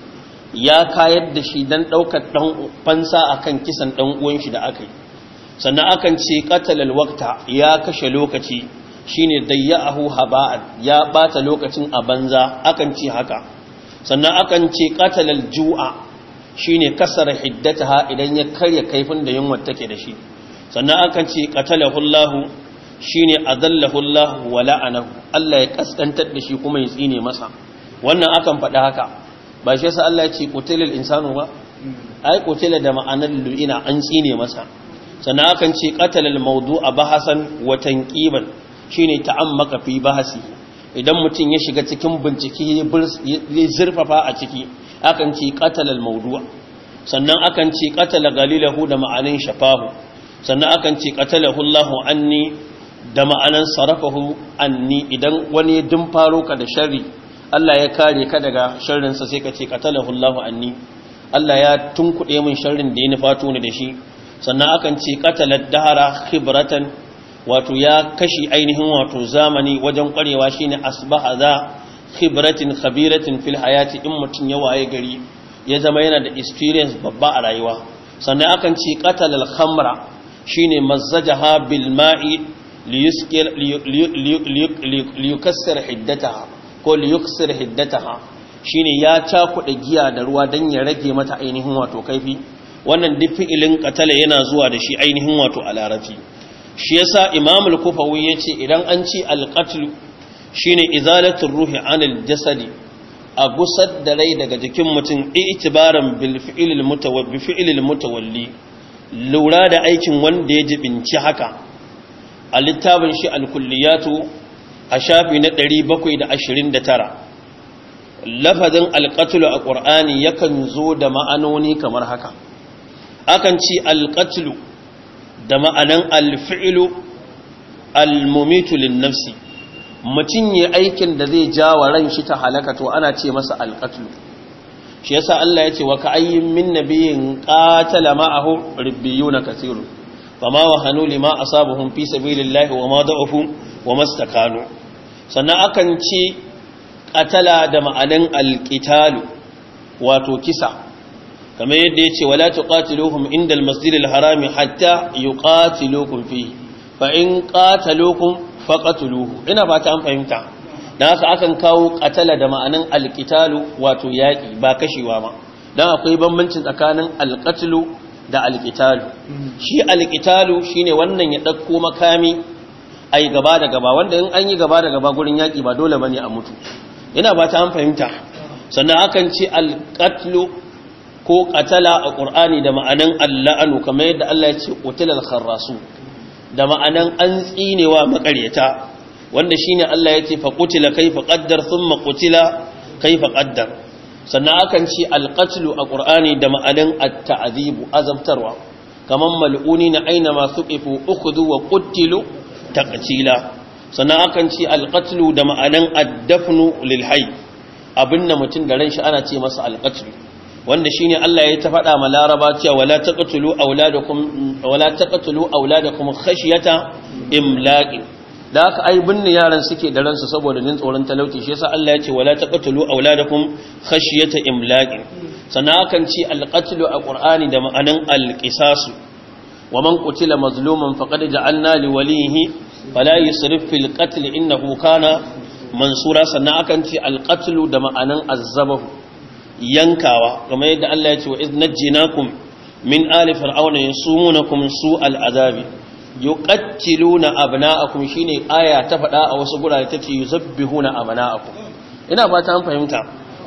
ya kayar da shi dan daukar dan fansa akan kisan dan uwan shi da aka yi sannan akan ce qatalal waqta ya kashe lokaci shine dayya'ahu haba'an ya bata lokacin a banza akan ce haka sannan akan ce qatalal ju'a shine kasara hiddataha idan ya karya kaifin da yunwa take da shi sannan akan ce qatalahu Allah shine adallahu Allah wa la'anahu Allah ya kaskantar da shi kuma ya tsine masa wannan akan faɗa haka ba shi yasa Allah ya ce qutilal insanu ba ai qutila da ma'anar lu'ina an tsine masa sannan akan ce qatalal mawdu'a bahasan wa tanqiban shine ta'ammaka fi bahasi idan mutum ya shiga cikin bincike ya zurfafa a ciki akan ce qatalal sannan akan ce katala galilahu da ma'anin shafahu sannan akan ce qatalahu anni da ma'anan sarafahu anni idan wani ya dimfaro ka da sharri Allah ya kare ka daga sharrin sa sai ka ce qatalahu Allahu anni Allah ya tunkuɗe min sharrin da ya nufato ni da shi sannan akan ce qatalat dahara khibratan wato ya kashi ainihin wato zamani wajen kwarewa shine asbaha za khibratin khabiratin fil hayati in mutun ya waye gari ya zama yana da experience babba a rayuwa sannan akan ce qatalal khamra shine mazzajaha bil ma'i liyukassir hiddataha ko liyukassir hiddataha shine ya cakuɗa giya da ruwa don ya rage mata ainihin wato kaifi wannan duk fi'ilin katala yana zuwa da shi ainihin wato a larabci shi yasa imamul kufawi ce idan an ci Shi shine izalatun ruhi anil jasadi a gusar da rai daga jikin mutum itibaran bil fi'ilil mutawalli lura da aikin wanda ya jibinci haka a littafin shi alkulliyatu a shafi na ɗari bakwai da da ashirin tara, lafazin alƙatulu a ƙur'ani yakan zo da ma'anoni kamar haka akan ci alƙatulu da ma'anan alfi'ilu almumitulin nafsi mutum yi aikin da zai jawa ran shi ta halaka to ana ce masa alƙatulu shi yasa Allah ya ce wa ka'ayyin min nabiyyin qatala ma'ahu ribbiyuna kaseeru fama wahanu lima asabuhum fi sabilillahi wama da'ufu wama istakanu sannan akan ci qatala da ma'anan alqitalu wato kisa kamar yadda ya ce wala tuqatiluhum inda masjidil harami hatta yuqatilukum fi, fa in qataluukum faqatuluhu ina fata an fahimta dan haka akan kawo qatala da ma'anin alqitalu wato yaƙi ba kashewa ma dan akwai bambancin tsakanin alqatlu da alqitalu shi alqitalu shine wannan ya dauko makami ai gaba da gaba wanda in an yi gaba da gaba gurin yaki ba dole ne a mutu Yana ba ta an fahimta sannan akan ce alqatlu ko katala a ƙur'ani da ma'anan alla'anu kamar yadda Allah ya ce ƙotilar kharrasu da ma'anan an tsinewa makaryata wanda shine Allah ya ce fa qutila kaifa qaddar thumma qutila kaifa qaddar sannan akan ce alqatlu a qur'ani da ma'anin at-ta'dhibu azabtarwa kaman mal'uni na aina ma suqifu ukhudhu wa qutilu taqtila sannan akan ci alqatlu da ma'anin ad-dafnu lil hayy abinda mutun da ran shi ana ce masa alqatlu wanda shine Allah ya ta faɗa ma Laraba cewa wala taqtulu auladakum wala taqtulu auladakum khashyata imlaqin da aka ai binne yaran suke da ransu saboda nin tsoron talauci shi yasa Allah ya ce wala taqtulu auladakum khashyata imlaqin sana kan ci alqatlu a ƙur'ani da ma'anan alqisas wa man qutila mazluman faqad ja'alna li walihi fala yusrif fil qatl innahu kana mansura sana kan ci alqatlu da ma'anan azzabahu yankawa kamar yadda Allah ya ce wa idh najjinakum min ali fir'auna yasumunakum su'al azabi yuqattiluna abna'akum shine aya ta faɗa a wasu gurare take yuzabbihuna abna'akum ina ba ta fahimta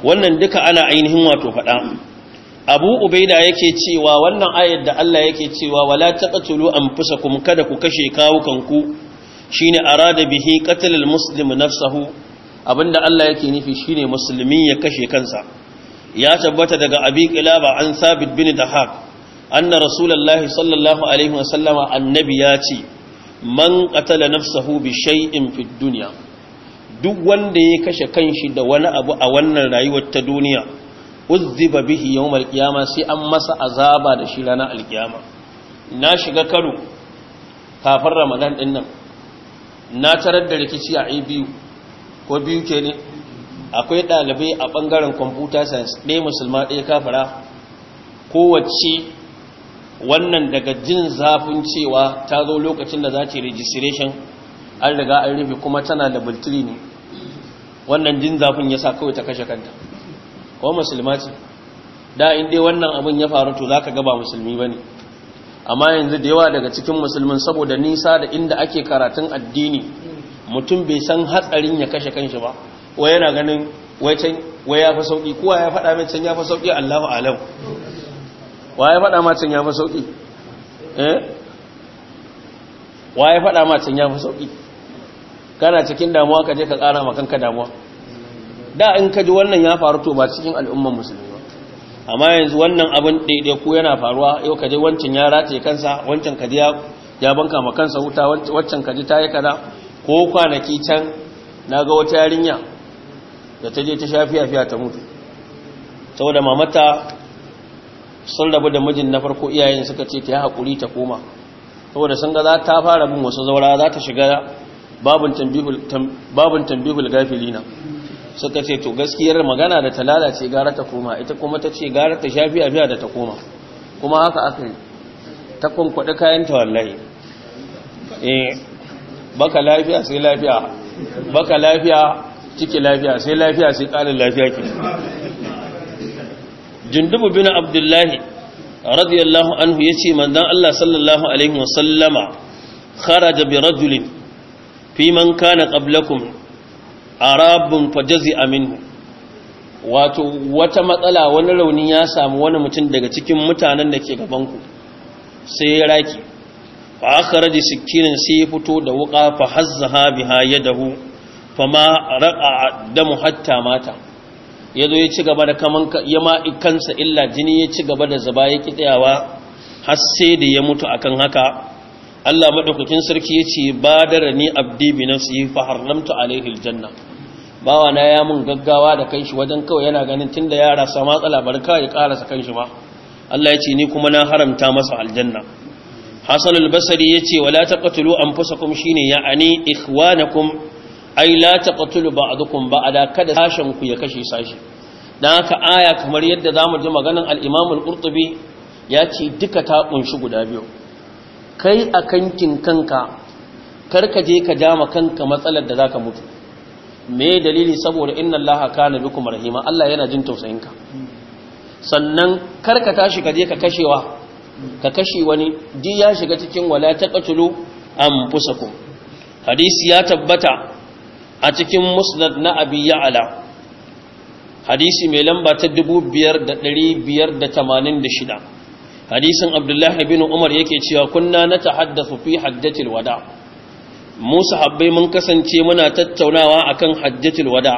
wannan duka ana ainihin wato faɗa Abu Ubaida yake cewa wannan ayar da Allah yake cewa wala taqtulu anfusakum kada ku kashe kawukanku shine arada bihi qatl almuslim nafsuhu abinda Allah yake nufi shine musulmi ya kashe kansa ya tabbata daga Abi Qilaba an sabit bin Dahak anna rasulullahi sallallahu alaihi wasallama annabi ya ce man qatala nafsahu bi shay'in fid dunya duk wanda ya kashe kanshi da wani abu a wannan rayuwar ta duniya uzziba bihi yawmal qiyama sai an masa azaba da shi ranar alkiyama na shiga karo kafin ramadan din nan na tarar da rikici a biyu ko biyu ke ne akwai ɗalibai a ɓangaren computer science ɗaya musulma ɗaya kafara kowace wannan daga jin zafin cewa ta zo lokacin da za ta registration an riga an rufe kuma tana da bultiri ne wannan jin zafin ya sa kawai ta kashe kanta ko musulma ce da in wannan abin ya faru to za ka gaba musulmi ba ne amma yanzu da yawa daga cikin musulmin saboda nisa da inda ake karatun addini mutum bai san hatsarin ya kashe kanshi ba wai yana ganin wai ya fi sauƙi kowa ya faɗa mai can ya fi sauƙi allahu alam waye ma macin ya fi sauki eh waye faɗa macin ya fi sauƙi kana cikin damuwa ka je ka ƙara ma kanka damuwa da in ka ji wannan ya faru to ba cikin al'umman musulmi ba amma yanzu wannan abin daidai ko yana faruwa yau ka je wancan ya race kansa wancan ka ya ya banka ma kansa wuta wancan ka ji ta yi kaza ko kwanaki can na ga wata yarinya da ta je ta shafi fiya ta mutu saboda mamata sun rabu da mijin na farko iyayen suka ce ta yi haƙuri ta koma saboda sun ga za ta fara bin wasu zaura za ta shiga babin tambihul gafilina suka ce to gaskiyar magana da ta lalace gara ta koma ita kuma ta ce gara ta shafi a biya da ta koma kuma haka aka yi ta kwankwaɗi kayan ta wallahi eh, baka lafiya sai lafiya baka lafiya ciki lafiya sai lafiya sai ƙarin lafiya ke jundubu bin abdullahi radiyallahu anhu yace manzon Allah sallallahu alaihi wasallama kharaja bi rajulin fi man kana qablakum arabun fajazi aminu wato wata matsala wani rauni ya samu wani mutum daga cikin mutanen da ke gabanku sai ya raki fa akhara da sai ya fito da wuka fa hazzaha biha yadahu fa ma raqa damu hatta mata ya zo ya ci gaba da kaman ya ma kansa illa jini ya ci gaba da zaba ya ki tsayawa har sai da ya mutu akan haka Allah madaukakin sarki ya ce badara ni abdi bi nafsi fa harlamtu alaihi aljanna bawa na ya mun gaggawa da kanshi wajen kawai yana ganin tunda yara sa matsala barka ya karasa kanshi ma Allah ya ce ni kuma na haramta masa aljanna Hasan al-Basri yace wala taqtulu anfusakum shine ya'ani ikhwanakum ai la taqtulu ba'dukum ba'da kada sashen ku ya kashe sashi dan haka aya kamar yadda zamu ji maganan al-Imam al-Qurtubi ya ce duka ta kunshi guda biyu kai a kankin kanka karka je ka jama kanka matsalar da zaka mutu me dalili saboda inna Allah kana bikum rahima Allah yana jin tausayinka sannan karka tashi ka je ka kashewa ka kashe wani ji ya shiga cikin wala taqtulu anfusakum hadisi ya tabbata a cikin musnad na abi ya'ala hadisi mai lamba ta 5586 hadisin abdullahi bin umar yake cewa kunna na tahaddathu fi hajjatil wada mu sahabbai mun kasance muna tattaunawa akan kan wada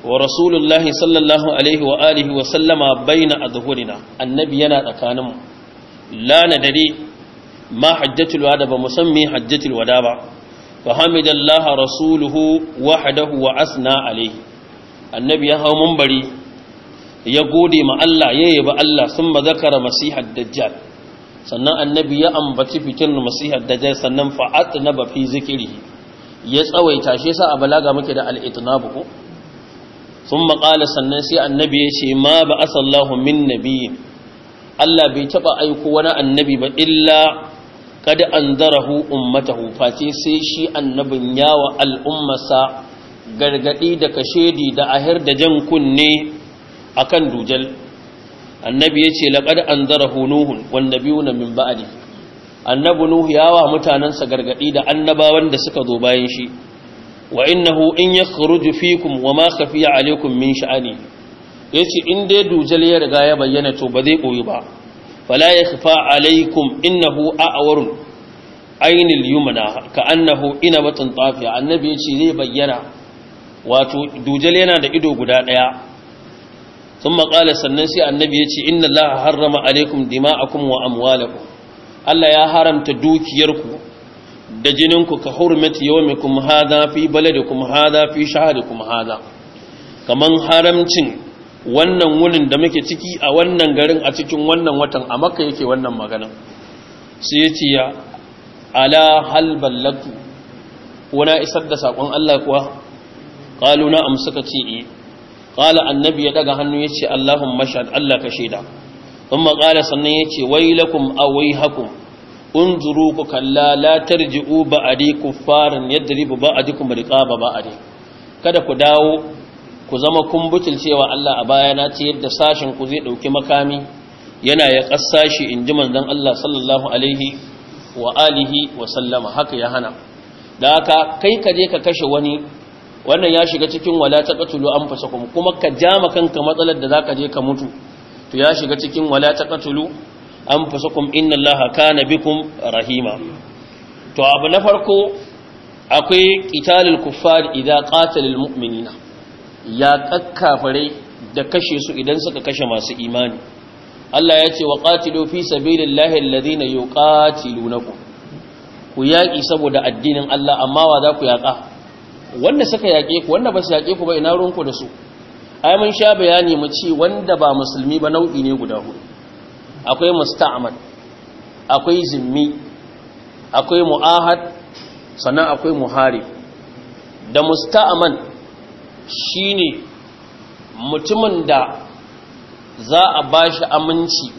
wa rasulullahi sallallahu alaihi wa alihi wa sallama baina adhhurina annabi yana tsakaninmu la nadari ma hajjatul wada ba musammi hajjatul wada ba فحمد الله رسوله وحده وأثنى عليه النبي هو منبري يقول ما الله ييب الله ثم ذكر مسيح الدجال sannan annabi ya ambaci fitin masihar dajjal sannan fa'atnaba fi zikiri ya tsawaita shi sa a balaga muke da al-itnabu ko sun qala sannan sai annabi ya ce ma ba asallahu min nabiyyin Allah bai taba aiko wani annabi ba illa kada an zarahu ummatahu face sai shi annabin yawa al'ummasa gargadi da kashedi da ahir da jan kunne a kan dujal annabi ya ce laƙar an zarahu nuhun wanda biyu na min ba'adi annabi nuhu yawa mutanensa gargadi da annabawan da suka zo bayan shi wa innahu in ya kharuju fikum wa ma khafiya alaikum min sha'ani yace in dai dujal ya riga ya bayyana to ba zai koyi ba fala ya yakhfa alaikum innahu a'warun ainil yumna ka'annahu inabatun tafiya annabi yace zai bayyana wato dujal yana da ido guda ɗaya. thumma qala sannan sai annabi yace inna allaha harrama alaikum dima'akum wa amwalakum Allah ya haramta dukiyarku da jininku ka hurmati yawmikum hadha fi baladikum hadha fi shahadikum hadha Kamar haramcin wannan wunin da muke ciki a wannan garin a cikin wannan watan a makka yake wannan magana sai ya ce ya ala hal ballatu wana isar da sakon Allah kuwa qalu na amsaka ce eh qala annabi ya daga hannu yace allahumma shahad Allah ka shaida kuma qala sannan yace wailakum awaihakum unzuru ku kalla la tarji'u ba'adi kuffaran yadribu ba'adikum riqaba ba'adi kada ku dawo ku zama kun cewa Allah a bayana ce yadda sashin ku zai dauki makami yana ya kassashi inji manzon Allah sallallahu alaihi wa alihi wa sallama haka ya hana da haka kai ka je ka kashe wani wannan ya shiga cikin wala taqatulu anfusakum kuma ka jama kanka matsalar da zaka je ka mutu to ya shiga cikin wala taqatulu anfusakum innallaha kana bikum rahima to abu na farko akwai qitalul kuffar idza qatalul mu'minina ya kakkafare da kashe su idan suka kashe masu imani Allah ya ce wa qatilu fi sabilillahi alladhina yuqatilunakum ku yaki saboda addinin Allah amma wa za ku yaka wanda suka yake ku wanda ba su yake ku ba ina ruwanku da su ai mun sha bayani mu ci wanda ba musulmi ba nau'i ne guda hudu akwai musta'mal akwai zimmi akwai mu'ahad sannan akwai muharib da musta'man Shi ne mutumin da za a ba shi aminci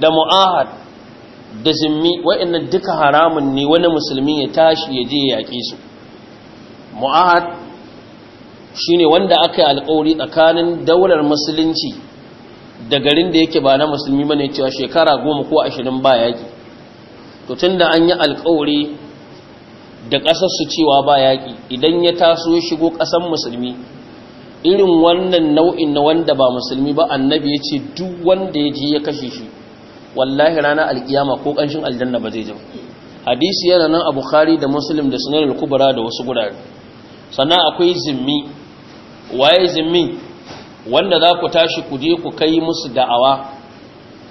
da mu'ahad da zimmi wa'annan duka haramun ne wani musulmi ya tashi ya je ya yaƙe su mu'ahad ne wanda aka yi alƙawari tsakanin daular musulunci da garin da yake ba na musulmi bane cewa shekara goma ko ashirin ba yaƙi to da an yi alƙawari da ƙasar su cewa ba yaƙi idan ya taso shigo ƙasar musulmi irin wannan nau'in na wanda ba musulmi ba annabi ya ce duk wanda ya je ya kashe shi wallahi rana alkiyama ko ƙanshin aljanna ba zai jama hadisi yana nan a bukhari da musulmi da sunan al da wasu gurare sannan akwai zimmi waye zimmi wanda za ku tashi ku je ku kai musu da'awa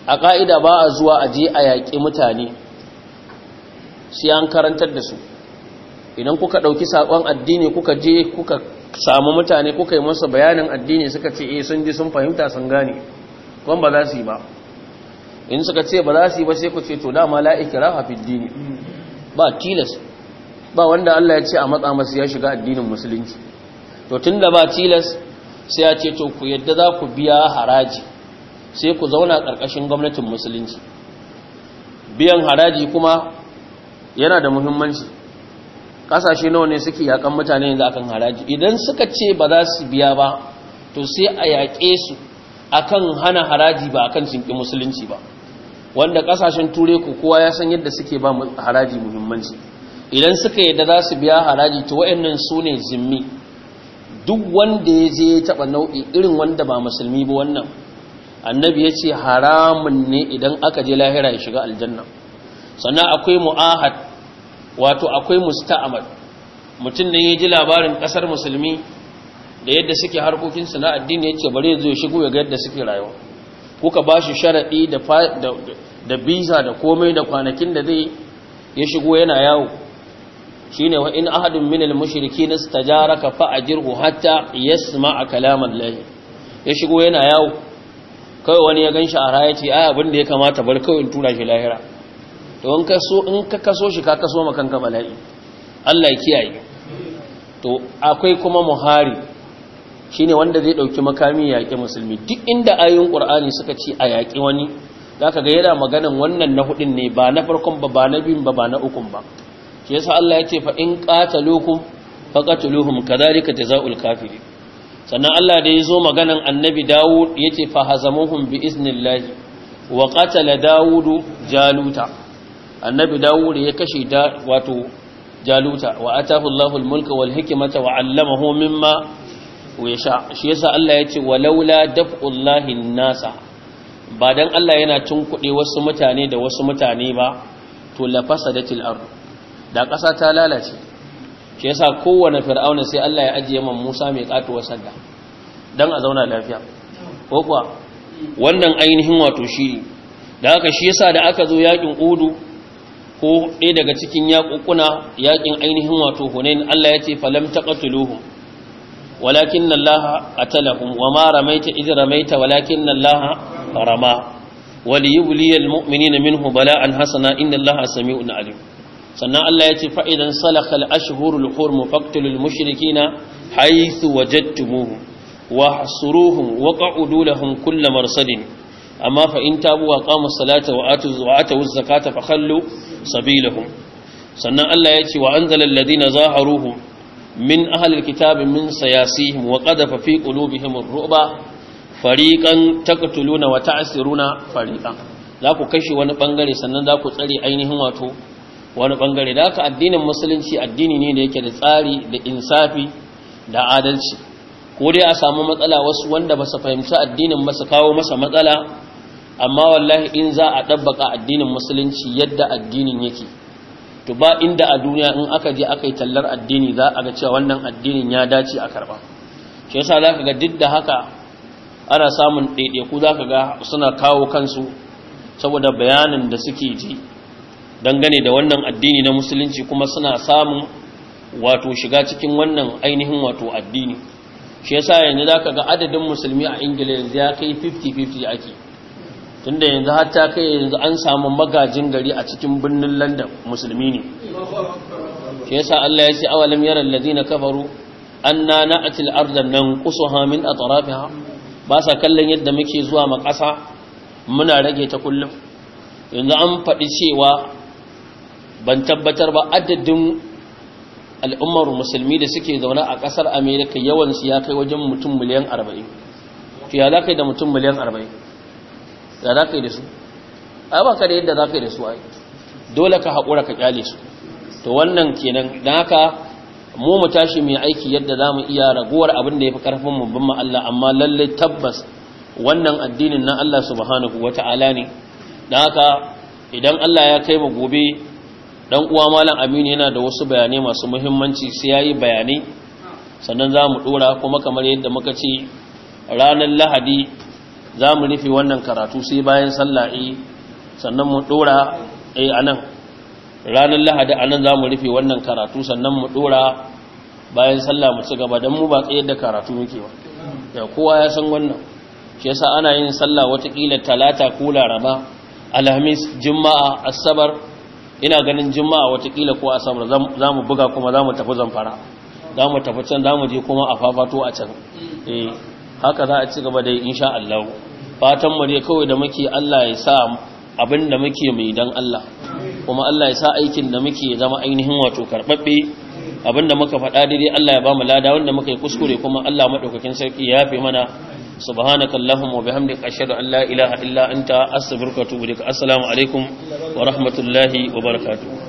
a ƙa'ida ba a zuwa a je a yaƙi mutane sai an karantar da su idan kuka ɗauki saƙon addini kuka je kuka samu mutane kuka yi masa bayanin addini suka ce eh sun ji sun fahimta sun gane kuma ba za su yi ba in suka ce ba za su yi ba sai ku ce to dama la ikraha fi dini ba tilas ba wanda Allah ya ce a matsa masa ya shiga addinin musulunci to tunda ba tilas sai ya ce to ku yadda za ku biya haraji sai ku zauna ƙarƙashin gwamnatin musulunci biyan haraji kuma yana da muhimmanci kasashe nawa ne suke yakan mutane yanzu akan haraji idan suka ce ba za su biya ba to sai a yaƙe su akan hana haraji ba akan cinki musulunci ba wanda kasashen ture ku kowa ya san yadda suke ba haraji muhimmanci idan suka yadda za su biya haraji to wayannan su ne zimmi duk wanda ya je taba taɓa nau'i irin wanda ba musulmi ba wannan annabi ya ce haramun ne idan aka je lahira ya shiga aljanna sannan akwai mu'ahad wato akwai musta'amal mutum ne ya ji labarin kasar musulmi da yadda suke harkokinsu na addini ya ce bari ya zo ya shigo ya ga yadda suke rayuwa kuka ba shi sharaɗi da biza da komai da kwanakin da zai ya shigo yana yawo shine wa in ahadun minal mushrikin istajaraka fa ajirhu hatta yasma'a kalaman lahi ya shigo yana yawo kawai wani ya ganshi a raya ce ai abin da ya kamata bar kawai in tura shi lahira to in ka kaso shi ka kaso makanka bala'i Allah ya kiyaye to akwai kuma muhari shine wanda zai dauki makami yaƙi musulmi duk inda ayoyin qur'ani suka ci a yaƙi wani zaka ga yana maganan wannan na hudin ne ba na farkon ba ba na biyun ba ba na ukun ba shi yasa Allah ya ce fa in qataluukum faqatuluhum kadhalika jazaa'ul kafirin sannan Allah da ya zo maganan annabi Dawud ya fa hazamuhum bi iznillahi wa qatala Dawudu Jaluta annabi dawud ya kashe da wato jaluta wa atahu Allahu al-mulka wal hikmata wa 'allamahu mimma yasha shi yasa Allah ya ce walaula daf'ullahi nasa ba dan Allah yana cin kudi wasu mutane da wasu mutane ba to la fasadatil ard da ƙasa ta lalace shi yasa kowanne fir'auna sai Allah ya ajiye man Musa mai katuwar sanda dan a zauna lafiya ko kuwa wannan ainihin wato shi da haka shi yasa da aka zo yakin udu ko ɗaya daga cikin yaƙuƙuna yaƙin ainihin wato hunain Allah ya ce falam taqatuluhum walakin Allah qatalahum wa ma ramaita idh ramaita walakin Allah rama waliyubliya almu'minina minhu bala'an hasana laha sami sami'un alim sannan Allah ya ce salakal idan salakha al-ashhurul hurum faqtulul Wa haythu wajadtumuhum wahsuruhum waq'udu lahum kulla marsadin amma fa in tabu wa qamu salata wa atu zu'ata zakata fa khallu sabilahum sannan Allah ya ce wa anzala alladhina zaharuhum min ahli alkitabi min sayasihim wa qadafa fi qulubihim ar-ru'ba fariqan taqtuluna wa ta'siruna fariqan za ku kashe wani bangare sannan za ku tsare ainihin wato wani bangare da addinin musulunci addini ne da yake da tsari da insafi da adalci ko dai a samu matsala wasu wanda ba su fahimci addinin ba su kawo masa matsala amma wallahi in za a ɗabbaka addinin musulunci yadda addinin yake to ba inda a duniya in aka je aka yi tallar addini za a ga cewa wannan addinin ya dace a karba shi yasa za ka ga duk da haka ana samun ɗaiɗaiku za ka ga suna kawo kansu saboda bayanin da suke ji dangane da wannan addini na musulunci kuma suna samun wato shiga cikin wannan ainihin wato addini shi yasa yanzu za ka ga adadin musulmi a ingila yanzu ya kai 50-50 ake tunda yanzu hatta kai yanzu an samu magajin gari a cikin birnin London musulmi ne shi yasa Allah ya ce awalam yara allazina kafaru anna kusa ardan a min atrafiha ba sa kallon yadda muke zuwa makasa muna rage ta kullum yanzu an faɗi cewa ban tabbatar ba adadin al'ummar musulmi da suke zaune a ƙasar amerika yawansu ya kai wajen mutum miliyan 40 fiye da kai da mutum miliyan arba'in. da za ka yi da su A ba ka da yadda za ka yi da su ai dole ka haƙura ka ƙyale su to wannan kenan da haka mu mu tashi mai aiki yadda za mu iya raguwar abin da ya fi ƙarfin mu bin Allah amma lalle tabbas wannan addinin na Allah subhanahu wata'ala ne Da haka idan Allah ya kai mu gobe dan uwa malam Aminu yana da wasu bayanai masu muhimmanci sai yayi bayanai sannan za mu dora kuma kamar yadda muka ce ranar Lahadi za mu rufe wannan karatu sai bayan sallahi eh, sannan mu dora eh, a nan ranar lahadi a nan za mu rufe wannan karatu sannan mu dora bayan sallah mu ci gaba don mu ba tsayar da karatu muke ba da kowa ya san wannan shi yasa ana yin sallah watakila talata ko laraba alhamis juma'a asabar ina ganin juma'a watakila ko asabar za mu buga kuma za mu tafi zamfara za mu tafi can za mu je kuma a fafato a can eh, haka za a ci gaba da insha Allah fatan mu ne kawai da muke Allah ya sa abin da muke mai dan Allah kuma Allah ya sa aikin da muke zama ainihin wato karbabbe abin da muka faɗa daidai Allah ya ba mu lada wanda muka yi kuskure kuma Allah madaukakin sarki ya yafe mana subhanaka allahumma wa bihamdika ashhadu an la ilaha illa anta asibirkatu. wa atubu alaikum wa rahmatullahi wa barakatuh